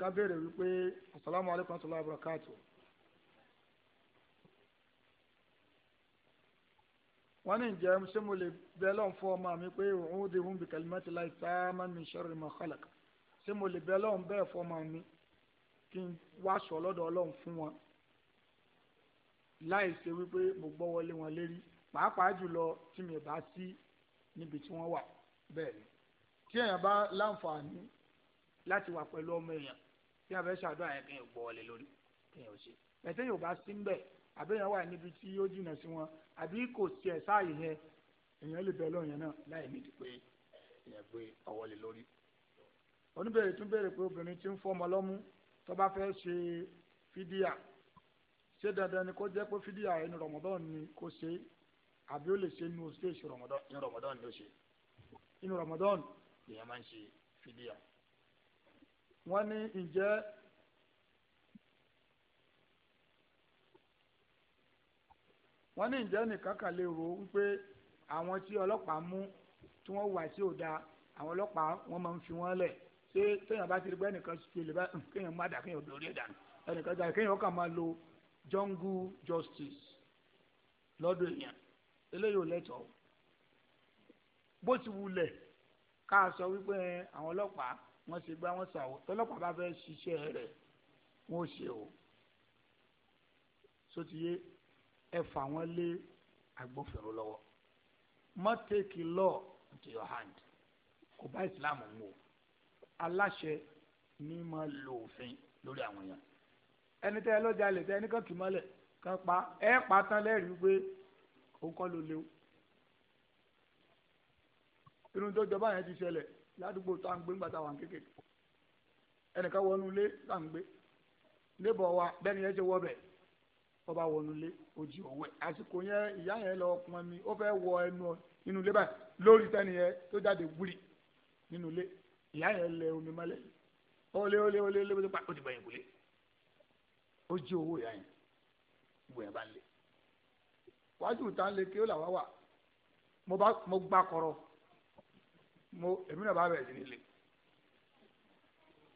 kan béèrè wípé asalaamualeykum wọ́n ní ǹjẹ́ ṣé mo lè bẹ lọ́n fún ọmọ mi pé òun ti hun bi kalimati láì sáámà min sharri ma khalaq ṣé mo lè bẹ lọ́n bẹ́ẹ̀ fún ọmọ mi kí n wá sọ lọ́dọ̀ ọlọ́run fún wọn láì ṣe wípé mo gbọ́ wọlé wọn lérí pàápàá jùlọ tí mi bá sí níbi tí wọ́n wà bẹ́ẹ̀ ni tí èèyàn bá láǹfààní láti wà pẹ̀lú ọmọ èèyàn tí a yẹn kí èèyàn gbọ́ wọlé lórí kí èèyàn ṣe ẹ̀sẹ̀ àbẹ́yẹn wà níbi tí ó jìnnà sí wọn àbí kò tiẹ̀ sáàyè yẹn èèyàn lè bẹ ọlọ́run yẹn náà láì nídìí pé èèyàn gbé ọwọ́ lé lórí. oníbèrè tún béèrè pé obìnrin tí ń fọmọ lọ́mú tó bá fẹ́ ṣe fídíà ṣé dandan ni kó jẹ́ pé fídíà ẹni rọmọdán ni kó ṣe àbí ó lè ṣe inú stéèṣì rọmọdán ni ó ṣe inú rọmọdán lèèyàn máa ń ṣe fídíà. wọ́n ní ǹjẹ́ wọ́n ní ìjẹ́ nìkan kan lè rò wípé àwọn tí ọlọ́pàá mú tí wọ́n wà sí òda àwọn ọlọ́pàá wọ́n máa ń fi wọ́n lẹ̀ ṣé téèyàn bá ti rí pé ẹnìkan ṣe lè bá kéèyàn má dà kéèyàn dòrí ẹ̀dà ẹnìkan dà kéèyàn kàn máa lo jungle justice lọ́dọ̀ èèyàn eléyìí ò lẹ́tọ̀ọ́ bó ti wulẹ̀ ká sọ wípé àwọn ọlọ́pàá wọ́n ṣe gbá wọ́n ṣàwọ̀ tọ́lọ́pàá bá fẹ́ ṣiṣẹ́ rẹ̀ wọ́n ṣe o sotiye ẹ fà wọ́n lé agbófinró lọ́wọ́ má your hand kò bá islam mu o aláṣẹ ní lo òfin lórí àwọn èèyàn ẹni tẹ́ ẹ ẹni kan kì í pa ẹ pa tán lẹ́rìí pé ó kọ́ ló léwu irú tó jọba yẹn ti ṣẹlẹ̀ ládùúgbò à ń gbé ńgbà tá wà ń kékeré wa bẹ́ẹ̀ ni ó bá wọnú ilé ó jí ọwọ́ ẹ̀ àsìkò yẹn ìyá yẹn lọ pọn mi ó fẹ́ wọ ẹnu inú ilé báyìí lórí tẹ́ni yẹn tó jáde wúri nínú ilé ìyá yẹn lẹ omi mọ́lẹ̀ olé olé olé olé olé ó ti bẹ̀yìn kulé ó jí owó ìyá yẹn ìwé ẹ̀ bá ń lé wájú ìta ń lé kí ó là wá wà mo gbá kọ̀rọ̀ mo èmi náà bá bẹ̀rẹ̀ sí ní ilé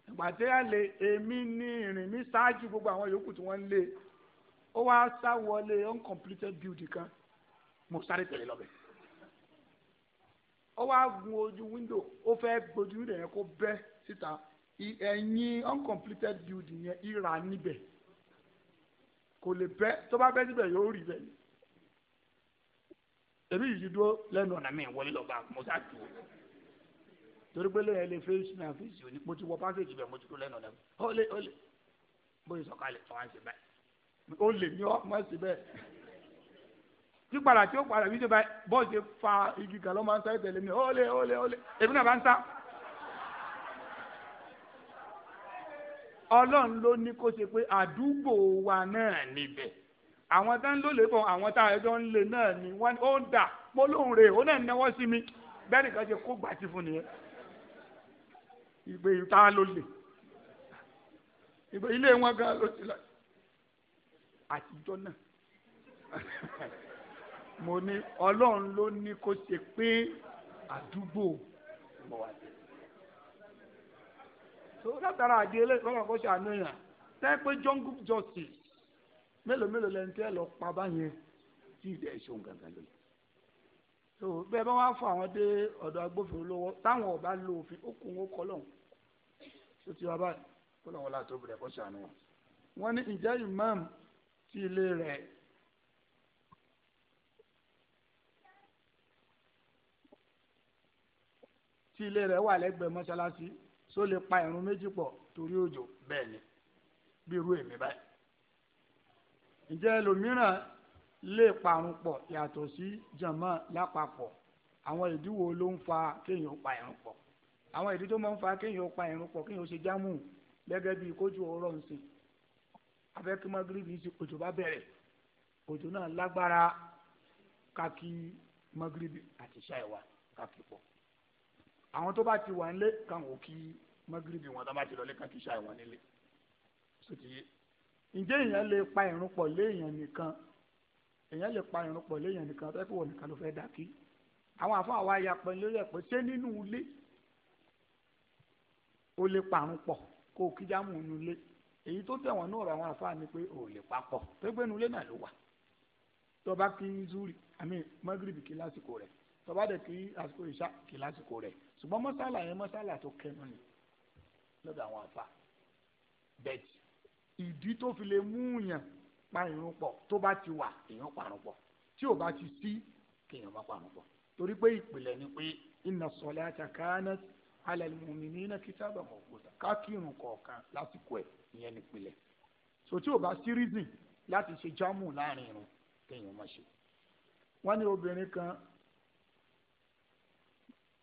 ìgbà tí wọ́n lé èmi ní ìrìn mi ṣáájú gbogbo àwọn yòókù tí wọ́n ń lé ó wá sá wọlé uncompleted build kan mo sáré tẹ̀lé lọ́bẹ̀ ó wá gun ojú window ó fẹ́ gbojú window yẹn kó bẹ́ síta ẹ̀yìn uncompleted build yẹn ìrà níbẹ̀ kò lè bẹ́ tó bá bẹ́ síbẹ̀ yóò rí bẹ́ẹ̀ èmi yìí dúró lẹ́nu ọ̀nà mi wọlé lọ́ba mo sá tù ú torí pé lóyún ẹ lè fèsì náà fèsì òní mo ti wọ pásítì bẹ́ẹ̀ mo ti dúró lẹ́nu ọ̀nà mi ó lé ó lé bóyá sọ̀kalẹ̀ tó ṣe báyìí ó lè ní ọ má sí bẹ́ẹ̀ tí padà tí ó padà bí jọba bọ́ọ̀ ṣe fa igi kan ló máa ń sáré tẹ̀lé mi ó lé ó lé ó lé èmi náà bá ń sá. ọlọ́run ló ní kó ṣe pé àdúgbò wa náà níbẹ̀ àwọn tá ń lólè bọ̀ àwọn tá àjọ ń lè náà ni wọ́n ó ń dà polóhùn rè ó náà náwó sí mi bẹ́ẹ̀ nìkan ṣe kó gbàtí fún nìyẹn ìgbé ìta ló lè ìgbé ilé wọn gan ló ti lọ àtijọ́ náà mo ní ọlọ́run ló ní kó ṣe pé àdúgbò mọ̀ wá dé. tó látara àdé eléyìí lọ́nà kó ṣe àníyàn tẹ́ pé jungle justice mélòó mélòó lẹ́ni tẹ́ lọ pa báyẹn tí ìdẹ́ ìṣòwò gàngàn lóye. tó bẹ́ẹ̀ bá wá fún àwọn dé ọ̀dọ̀ agbófinró lọ́wọ́ táwọn ọba lo òfin ó kún ó kọ́ lọ́hùn tó ti wá báyìí kó lọ́wọ́ látó bẹ̀rẹ̀ kó ṣàánú wọn. wọ́n ní ìjẹ́ ìmáàmù sí ilé rẹ̀. tí ilé rẹ̀ wà lẹ́gbẹ̀ẹ́ mọ́ṣáláṣí só lè pa ìrun méjì pọ̀ torí òjò bẹ́ẹ̀ ni bí irú èmi báyìí. ǹjẹ́ ẹlòmíràn lè parun pọ̀ yàtọ̀ sí jàmáà lápapọ̀ àwọn ìdíwò ló ń fa kéèyàn pa ìrun pọ̀ àwọn ìdí tó máa ń fa kéèyàn pa ìrun pọ̀ kéèyàn ṣe jámù gẹ́gẹ́ bíi kójú ọ̀rọ̀ ń sìn abẹ́kí magrebi ti òjò bá bẹ̀rẹ̀ òjò náà lágbára kákí magrebi àti ṣáì wa kákí pọ̀ àwọn tó bá ti wà nílé káwọn ò kí magrebi wọn tó bá ti lọlé kákí ṣáì wọn nílé sotìyé ǹjẹ́ èèyàn lè pa ìrun pọ̀ léèyàn nìkan èèyàn lè pa ìrun pọ̀ léèyàn nìkan tó fẹ́ wọ̀ nìkan ló fẹ́ dà kí àwọn àfọ àwa ya pẹ́ lórí ẹ̀ ṣé nínú ilé o lè pa ìrun pọ̀ kó kíjà mú un nulẹ̀ èyí tó tẹ̀wọ̀n náà ra àwọn àfáà ni pé ò lè papọ̀ pẹ́gbẹ́ nulẹ̀ náà ló wà tọba kí zuri àmì magrebi kí lásìkò rẹ̀ tọba dẹ̀ kí àsìkò ìṣá kí lásìkò rẹ̀ ṣùgbọ́n mọ́sálà yẹn mọ́sálà tó kẹnu ni lọ́dọ̀ àwọn àfáà bẹ́ẹ̀ ìdí tó fi lè mú yàn pa ìrun pọ̀ tó bá ti wà èèyàn parun pọ̀ tí ò bá ti sí kéèyàn má parun pọ̀ torí pé ìpìlẹ̀ ni pé inna salata kanat alẹ́ mùmíní iná kìtàbà mọ̀kúta kákìrùn kọ̀ọ̀kan lásìkò ẹ̀ ìyẹn nípìnlẹ̀ so tí o bá sí reason láti ṣe jámù láàrin irun kéèyàn má ṣe wọ́n ní obìnrin kan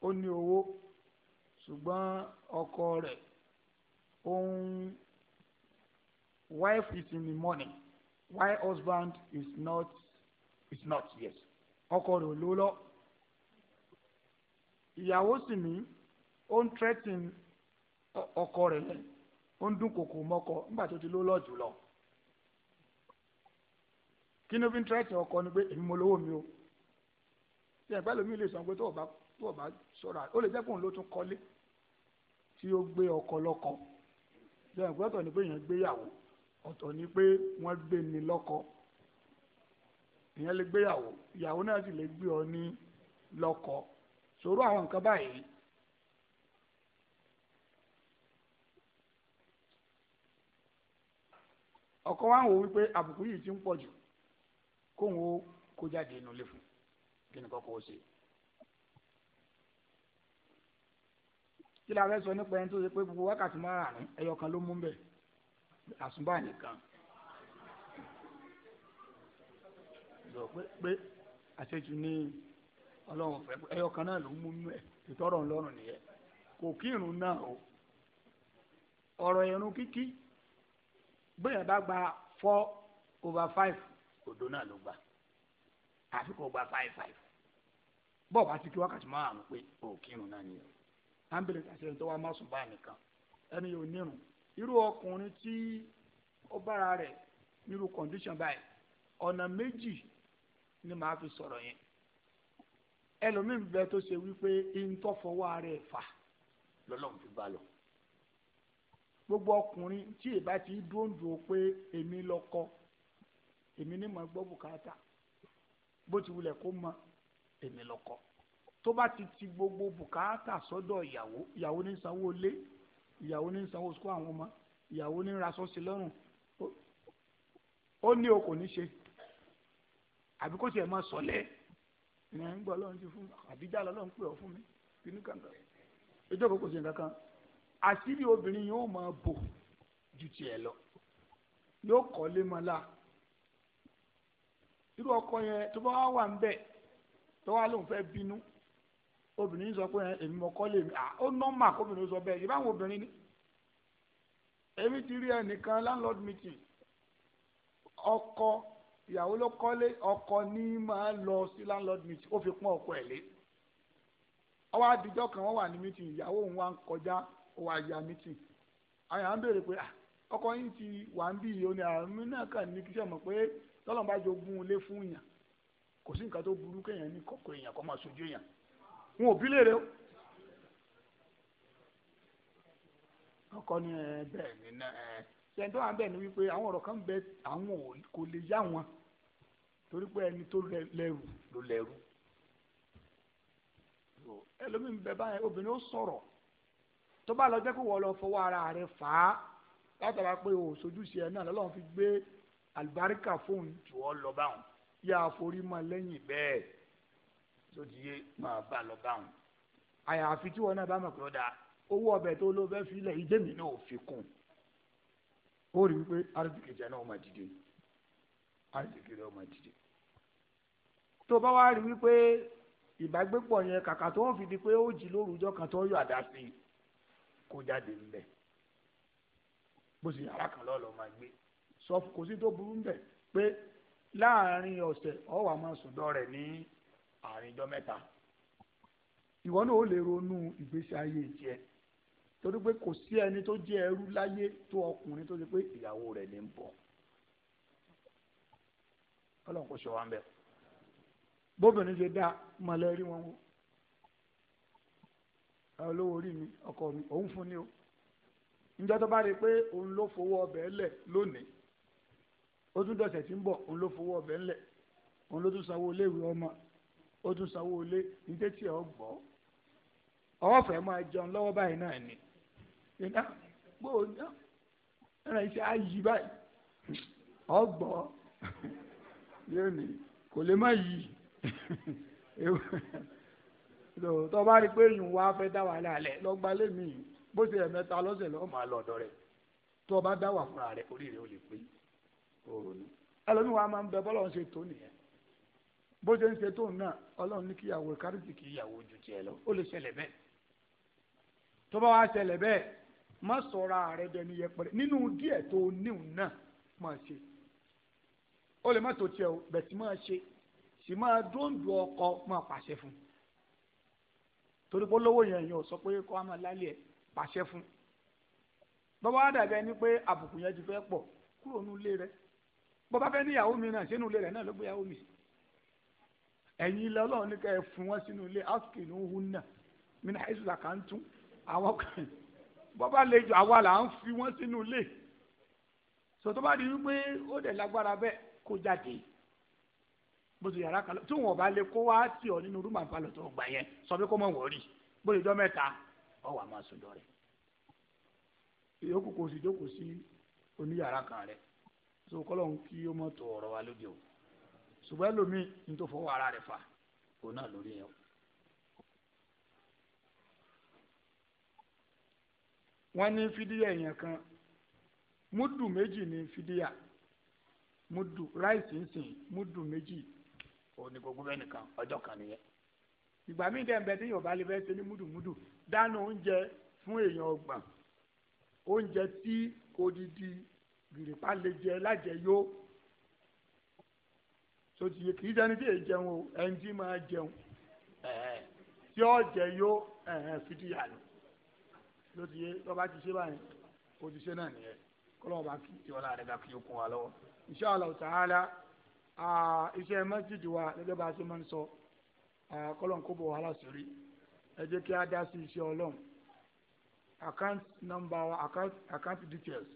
ó ní owó ṣùgbọ́n ọkọ rẹ̀ òun wife is in the morning why husband is not is not yes ọkọ rẹ̀ ò lówó lọ ìyàwó sì ní ó ń tẹ́tìn ọkọ rẹ̀ lẹ̀ ó ń dún kòkò mọ́kọ nígbà tó ti ló lọ jù lọ kí ni ó fi ń tẹ́tìn ọkọ ni pé èmi mo lówó mi o ṣe ẹ̀gbẹ́ lomi lè sọ pé tó o bá tó o bá ṣọ́ra ó lè jẹ́ pé òun ló tún kọ́lé tí ó gbé ọkọ lọ́kọ ṣe ẹ̀gbẹ́ ọ̀tọ̀ ni pé èèyàn gbéyàwó ọ̀tọ̀ ni pé wọ́n gbé ni lọ́kọ èèyàn lè gbéyàwó ìyàwó náà sì lè gbé ọ ní lọ́kọ sọ̀rọ̀ àwọn nǹkan báyìí ọkọ wa ń wò wípé àbùkù yìí ti ń pọ̀ jù kóun ó kó jáde inú ilé fún kí ni kọ́kọ́ ó ṣe. kí la fẹ́ sọ nípa ẹni tó ṣe pé gbogbo wákàtí márùn-ún ẹyọ kan ló mú bẹ̀ àsùnbà nìkan. lọ pé pé àṣejù ni ọlọ́run fẹ́ ẹyọ kan náà ló mú mẹ́ ìtọ́rọ̀ ńlọ́rùn nìyẹn kò kírun náà o ọ̀rọ̀ ẹ̀rùn kíkí bóyá bá gba four over five òdo náà ló 5 àfi kò gba five five bọ́ọ̀ bá ti kí wákàtí márùn-ún pé òkìrùn náà nìyẹn ámbìlì àti ẹni tó wá má sùn báyìí nìkan ẹni yóò nírun irú ọkùnrin tí ó bára rẹ̀ nírú condition báyìí ọ̀nà méjì ni màá fi sọ̀rọ̀ yẹn ẹlòmíín bẹ tó ṣe wípé ìńtọ́fọwọ́ ara ẹ̀ fà lọ́lọ́run fi bá gbogbo ọkùnrin tí ìbá ti dúndùn pé èmi lọ́kọ èmi ní mọ̀ gbọ́ bùkátà bó ti wulẹ̀ kó mọ èmi lọ́kọ tó bá ti ti gbogbo bùkátà sọ́dọ̀ ìyàwó ìyàwó ní sanwó ilé ìyàwó ní sanwó sukú àwọn ọmọ ìyàwó ní raṣọ sí lọ́rùn ó ní o kò ní ṣe àbí kó tiẹ̀ máa sọ̀lẹ́ ìyẹn ń gbọ́ ọlọ́run ti fún àbíjà lọ́lọ́run pè ọ́ fún mi kí kankan ìjọba kò ṣe nǹkan kan àṣírí obìnrin yóò máa bò ju tiẹ̀ lọ yóò kọ́lé mọ́ la irú ọkọ yẹn tó bá wà ń bẹ̀ tó wá lóun fẹ́ bínú obìnrin sọ pé èmi mọ kọ́lé mi ó nọ́mà kóbìnrin sọ bẹ́ẹ̀ ìbáwọn obìnrin ni èmi ti rí ẹnìkan landlord meeting ọkọ ìyàwó ló kọ́lé ọkọ ní máa lọ sí landlord meeting ó fi pọ́n ọkọ ẹ̀ lé ọwọ́ àdìjọ́ kan wọ́n wà ní meeting ìyàwó òun wá ń kọjá ó wá ya mítìn àwọn ń béèrè pé ọkọ yín ti wà ń bí ìyóni àmì náà kà ní kí mọ̀ pé tọ́lọ́n bá jogún lé fún yàn kò sí nǹkan tó burú kéèyàn ní kọ̀kọ́ èèyàn kọ́ máa sojú èèyàn ọkọ ni ẹ bẹẹ ni tó wà ni wípé àwọn ọ̀rọ̀ kan bẹ àwọn kò lè yá wọn torí pé ẹni tó ló tó bá lọ jẹ́ pé wọ́n lọ fọwọ́ ara rẹ̀ fà á látara pé o sojúṣe ẹ̀ náà lọ́lọ́run fi gbé àlùbáríkà fóun jù ọ́ lọ báwọn yá àforí mọ́ lẹ́yìn bẹ́ẹ̀ tó ti yé máa bá lọ báwọn. àyàfi tí wọn náà bá mọ̀ pé ó dáa owó ọbẹ̀ tó ló fẹ́ filẹ̀ ìdẹ́mi náà ò fi kún ó rí i pé arúgbìkì jẹ náà ó máa dìde arúgbìkì rẹ ó máa dìde. tó bá wá rí i wípé ìbágbépọ̀ yẹn kàkà tó ń fi di pé ó jí lórúkọ kan tó ń yọ àdá sí i kó jáde ńbẹ bó sì yàrá kan lọ́ọ́ lọ́ọ́ máa gbé sọ kò sí tó burú ńbẹ pé láàrin ọ̀sẹ̀ ọ̀wà máa sùn dọ́ rẹ̀ ní àárín ọjọ́ mẹ́ta ìwọ náà ó lè ronú ìgbésí ayé tiẹ̀ torí pé kò sí ẹni tó jẹ́ ẹrú láyé tó ọkùnrin tó ṣe pé ìyàwó rẹ̀ ní ń bọ̀ ọlọ́run kò ṣọ wa ń bẹ̀ bóbìnrin ṣe dá mọ̀lẹ́rí wọn wọ́n olówó orí mi ọkọ mi òun fún ni o níjọ́ tó bá rí i pé òun ló fowó ọbẹ̀ ńlẹ̀ lónìí ó tún dọ̀sẹ̀ tí ń bọ̀ òun ló fowó ọbẹ̀ ńlẹ̀ òun ló tún sanwó iléèwé ọmọ ó tún sanwó ilé ní tẹ́tí ẹ̀ ọgbọ́ ọwọ́ fẹ́ máa jẹun lọ́wọ́ báyìí náà ni ìdá gbòó náà ẹ̀rọ iṣẹ́ ayí báyìí ọgbọ́ <laughs> yóò ní kò lè má yí. <laughs> tó bá rí i pé èèyàn wá fẹ́ dá wàhálà alẹ̀ lọ́gbà lẹ́mí bó ti rẹ̀ mẹ́ta lọ́sẹ̀ lọ́ọ́ máa lọ ọ̀dọ̀ rẹ̀ tó bá dá wà fúnra rẹ̀ orí rẹ̀ ó lè pé òòrùn ni ẹlòmíì wa máa ń bẹ bọ́lọ́run ṣe tó nìyẹn bó ṣe ń ṣe tó náà ọlọ́run ní kíyàwó kárìtì kíyàwó ju tiẹ̀ lọ ó lè ṣẹlẹ̀ bẹ́ẹ̀ tó bá wá ṣẹlẹ̀ bẹ́ẹ̀ má sọ̀rọ̀ ààrẹ dẹni yẹpẹrẹ nínú díẹ̀ tó níhùn náà máa ṣe ó lè má tó tiẹ̀ bẹ̀ sí máa ṣe sì máa dóńdó ọkọ máa pàṣẹ fún un torí pé olówó yẹn yẹn ò sọ pé kó a máa lálẹ́ ẹ̀ pàṣẹ fún bọ́bá wá dàbí ni pé àbùkù yẹn ti fẹ́ pọ̀ kúrò nínú ilé rẹ bọ́bá fẹ́ níyàwó mi náà sínú ilé rẹ náà ló gbé yàwó mi ẹ̀yin ilé ọlọ́run ní ká ẹ fún wọn sínú ilé áṣùkì ní òhun náà mi náà ẹ̀sùn làkà ń tún àwọn kan bọ́bá lè jọ àwa là ń fi wọn sínú ilé sọ tó bá di wípé ó dẹ̀ lágbára bẹ́ẹ̀ kó jáde bó yàrá kan lọ tí wọn bá lè kó wá sí ọ nínú rúmà palọ tó gbà yẹn sọ pé kó mọ wọn rí bó ti jọ mẹ́ta ọ wà máa sọjọ rẹ ìyókù kò sì jókòó sí oníyàrá kan rẹ so kí ó tó wa lóde o ṣùgbọ́n òun ni gbogbo bẹ́ẹ̀ nìkan ọjọ́ kan nìyẹn. ìgbà míì dẹ̀ ń bẹ tí yorùbá lè fẹ́ ṣe ní múdùmúdù dáná oúnjẹ fún èèyàn ọgbọ̀n oúnjẹ tí odidi gìrìpá lè jẹ lájẹ yó sotiye kì í sẹni tí èyí jẹun o ẹni tí máa jẹun tí ó jẹ yó fìdíyà lọ sotiye lọba ti ṣe báyìí o ti ṣe náà nìyẹn kọlọ́wọ́ bá kí ìwọlá rẹ̀ ká kí o kún wa lọ́wọ́ insha Allah ta'ala iṣẹ́ masjid wa gẹ́gẹ́ bá a ṣe máa ń sọ kọ́lọ́n kó bọ̀ wàhálà sórí ẹ jẹ́ kí a dá sí iṣẹ́ ọlọ́run account number wa account account details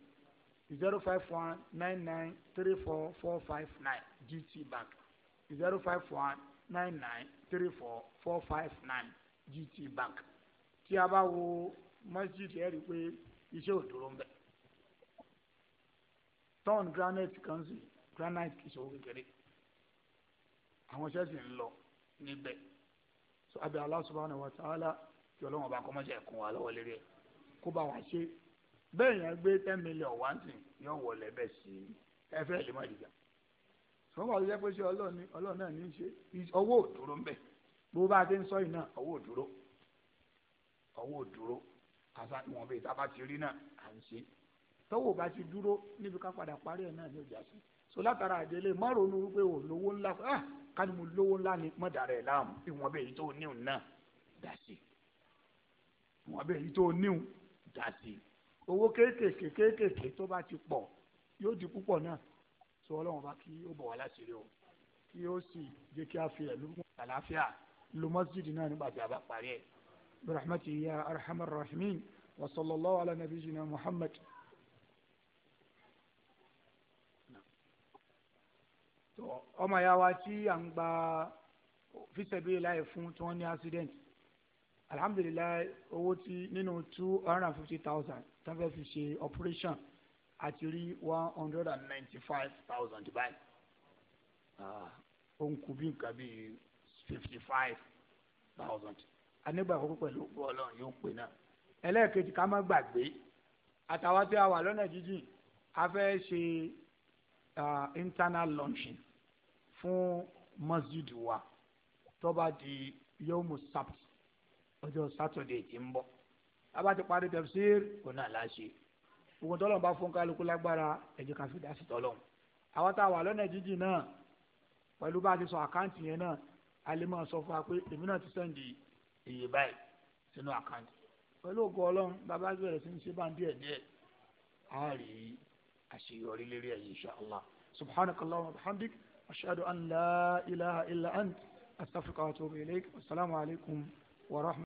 zero five one nine nine three four four five nine GT Bank zero five one nine nine three four four five nine GT Bank tí a bá wo masjid ẹ rí i pé iṣẹ́ ò dúró ń bẹ̀ tọ́ọ̀nù granite kan sì granite kì í ṣòwò kékeré àwọn iṣẹ́ sì ń lọ níbẹ̀ so abẹ́ Allah subhanahu wa ta'ala kí ọlọ́wọ́n bá kọ́mọ́ṣẹ́ ẹ̀kún wa lọ́wọ́ lérí ẹ̀ kó bá wa ṣe bẹ́ẹ̀ yẹn gbé ten million wá sí yóò wọlé bẹ́ẹ̀ sí ẹ fẹ́ lè má dìgbà sọ́kọ̀ ló jẹ́ pé ṣé ọlọ́run náà ní í ṣe ọwọ́ òdúró ń bẹ̀ bó bá ti ń sọ yìí náà ọwọ́ òdúró ọwọ́ òdúró àṣà ìwọ̀n bíi tábà ti rí náà à ń ṣe tọ́wọ́ bá ti dúró níbi ká padà parí ẹ̀ náà ní ìjà sí i so látara àdélé má ronú wípé o lówó ńlá ah ká ní mo lówó ńlá ni mọ̀ dàrẹ́ láàmú ìwọ̀n bẹ́ẹ̀ tó níhùn náà dà sí ìwọ̀n bẹ́ẹ̀ tó níhùn dà sí owó kéékèèké kéékèèké tó bá ti pọ̀ yóò di púpọ̀ náà sọ ọlọ́run bá kí ó bọ̀ wá láṣìírí o kí ó sì jẹ́ kí a fi ẹ̀lú àlàáfíà lo masjid náà nígbà tí a bá parí ẹ̀. bi rahmatihi ya wa sallallahu ala nabiyyina muhammad. ọmọ ìyá wa tí à ń gba fisẹ̀bí láì fún tí wọ́n ní accident alhamdulilayi owó tí nínú two hundred and fifty thousand tán fẹ́ fi ṣe operation àti rí one hundred and ninety five thousand báyìí ah, ó ń kú bí nǹkan bí fifty five thousand anígbà kókó pẹ̀lú ọlọ́run yóò pè náà ẹlẹ́ẹ̀kejì ká má gbàgbé àtàwọn tí a wà lọ́nà jíjìn a fẹ́ ṣe ah, internal launching fún masjid wa tó bá di yomu sabt ọjọ́ sátọ̀dẹ̀ tí ń bọ̀ abá ti parí tafsir kò náà láṣẹ gbogbo tọ́lọ̀ bá fún kálukú lágbára ẹ̀jẹ̀ kan fi dá sí tọ́lọ̀ àwọn tá a wà lọ́nà jíjìn náà pẹ̀lú bá a ti sọ àkáǹtì yẹn náà a lè máa sọ fún wa pé èmi náà ti sẹ́ǹdì iye báyìí sínú àkáǹtì pẹ̀lú ògo ọlọ́run bàbá bẹ̀rẹ̀ sí ń ṣe bá ń díẹ̀ díẹ̀ á rí àṣeyọrí lérí ẹ̀ insha Allah subhanakallahumma wa bihamdik. أشهد أن لا إله إلا أنت أستغفرك وأتوب إليك والسلام عليكم ورحمة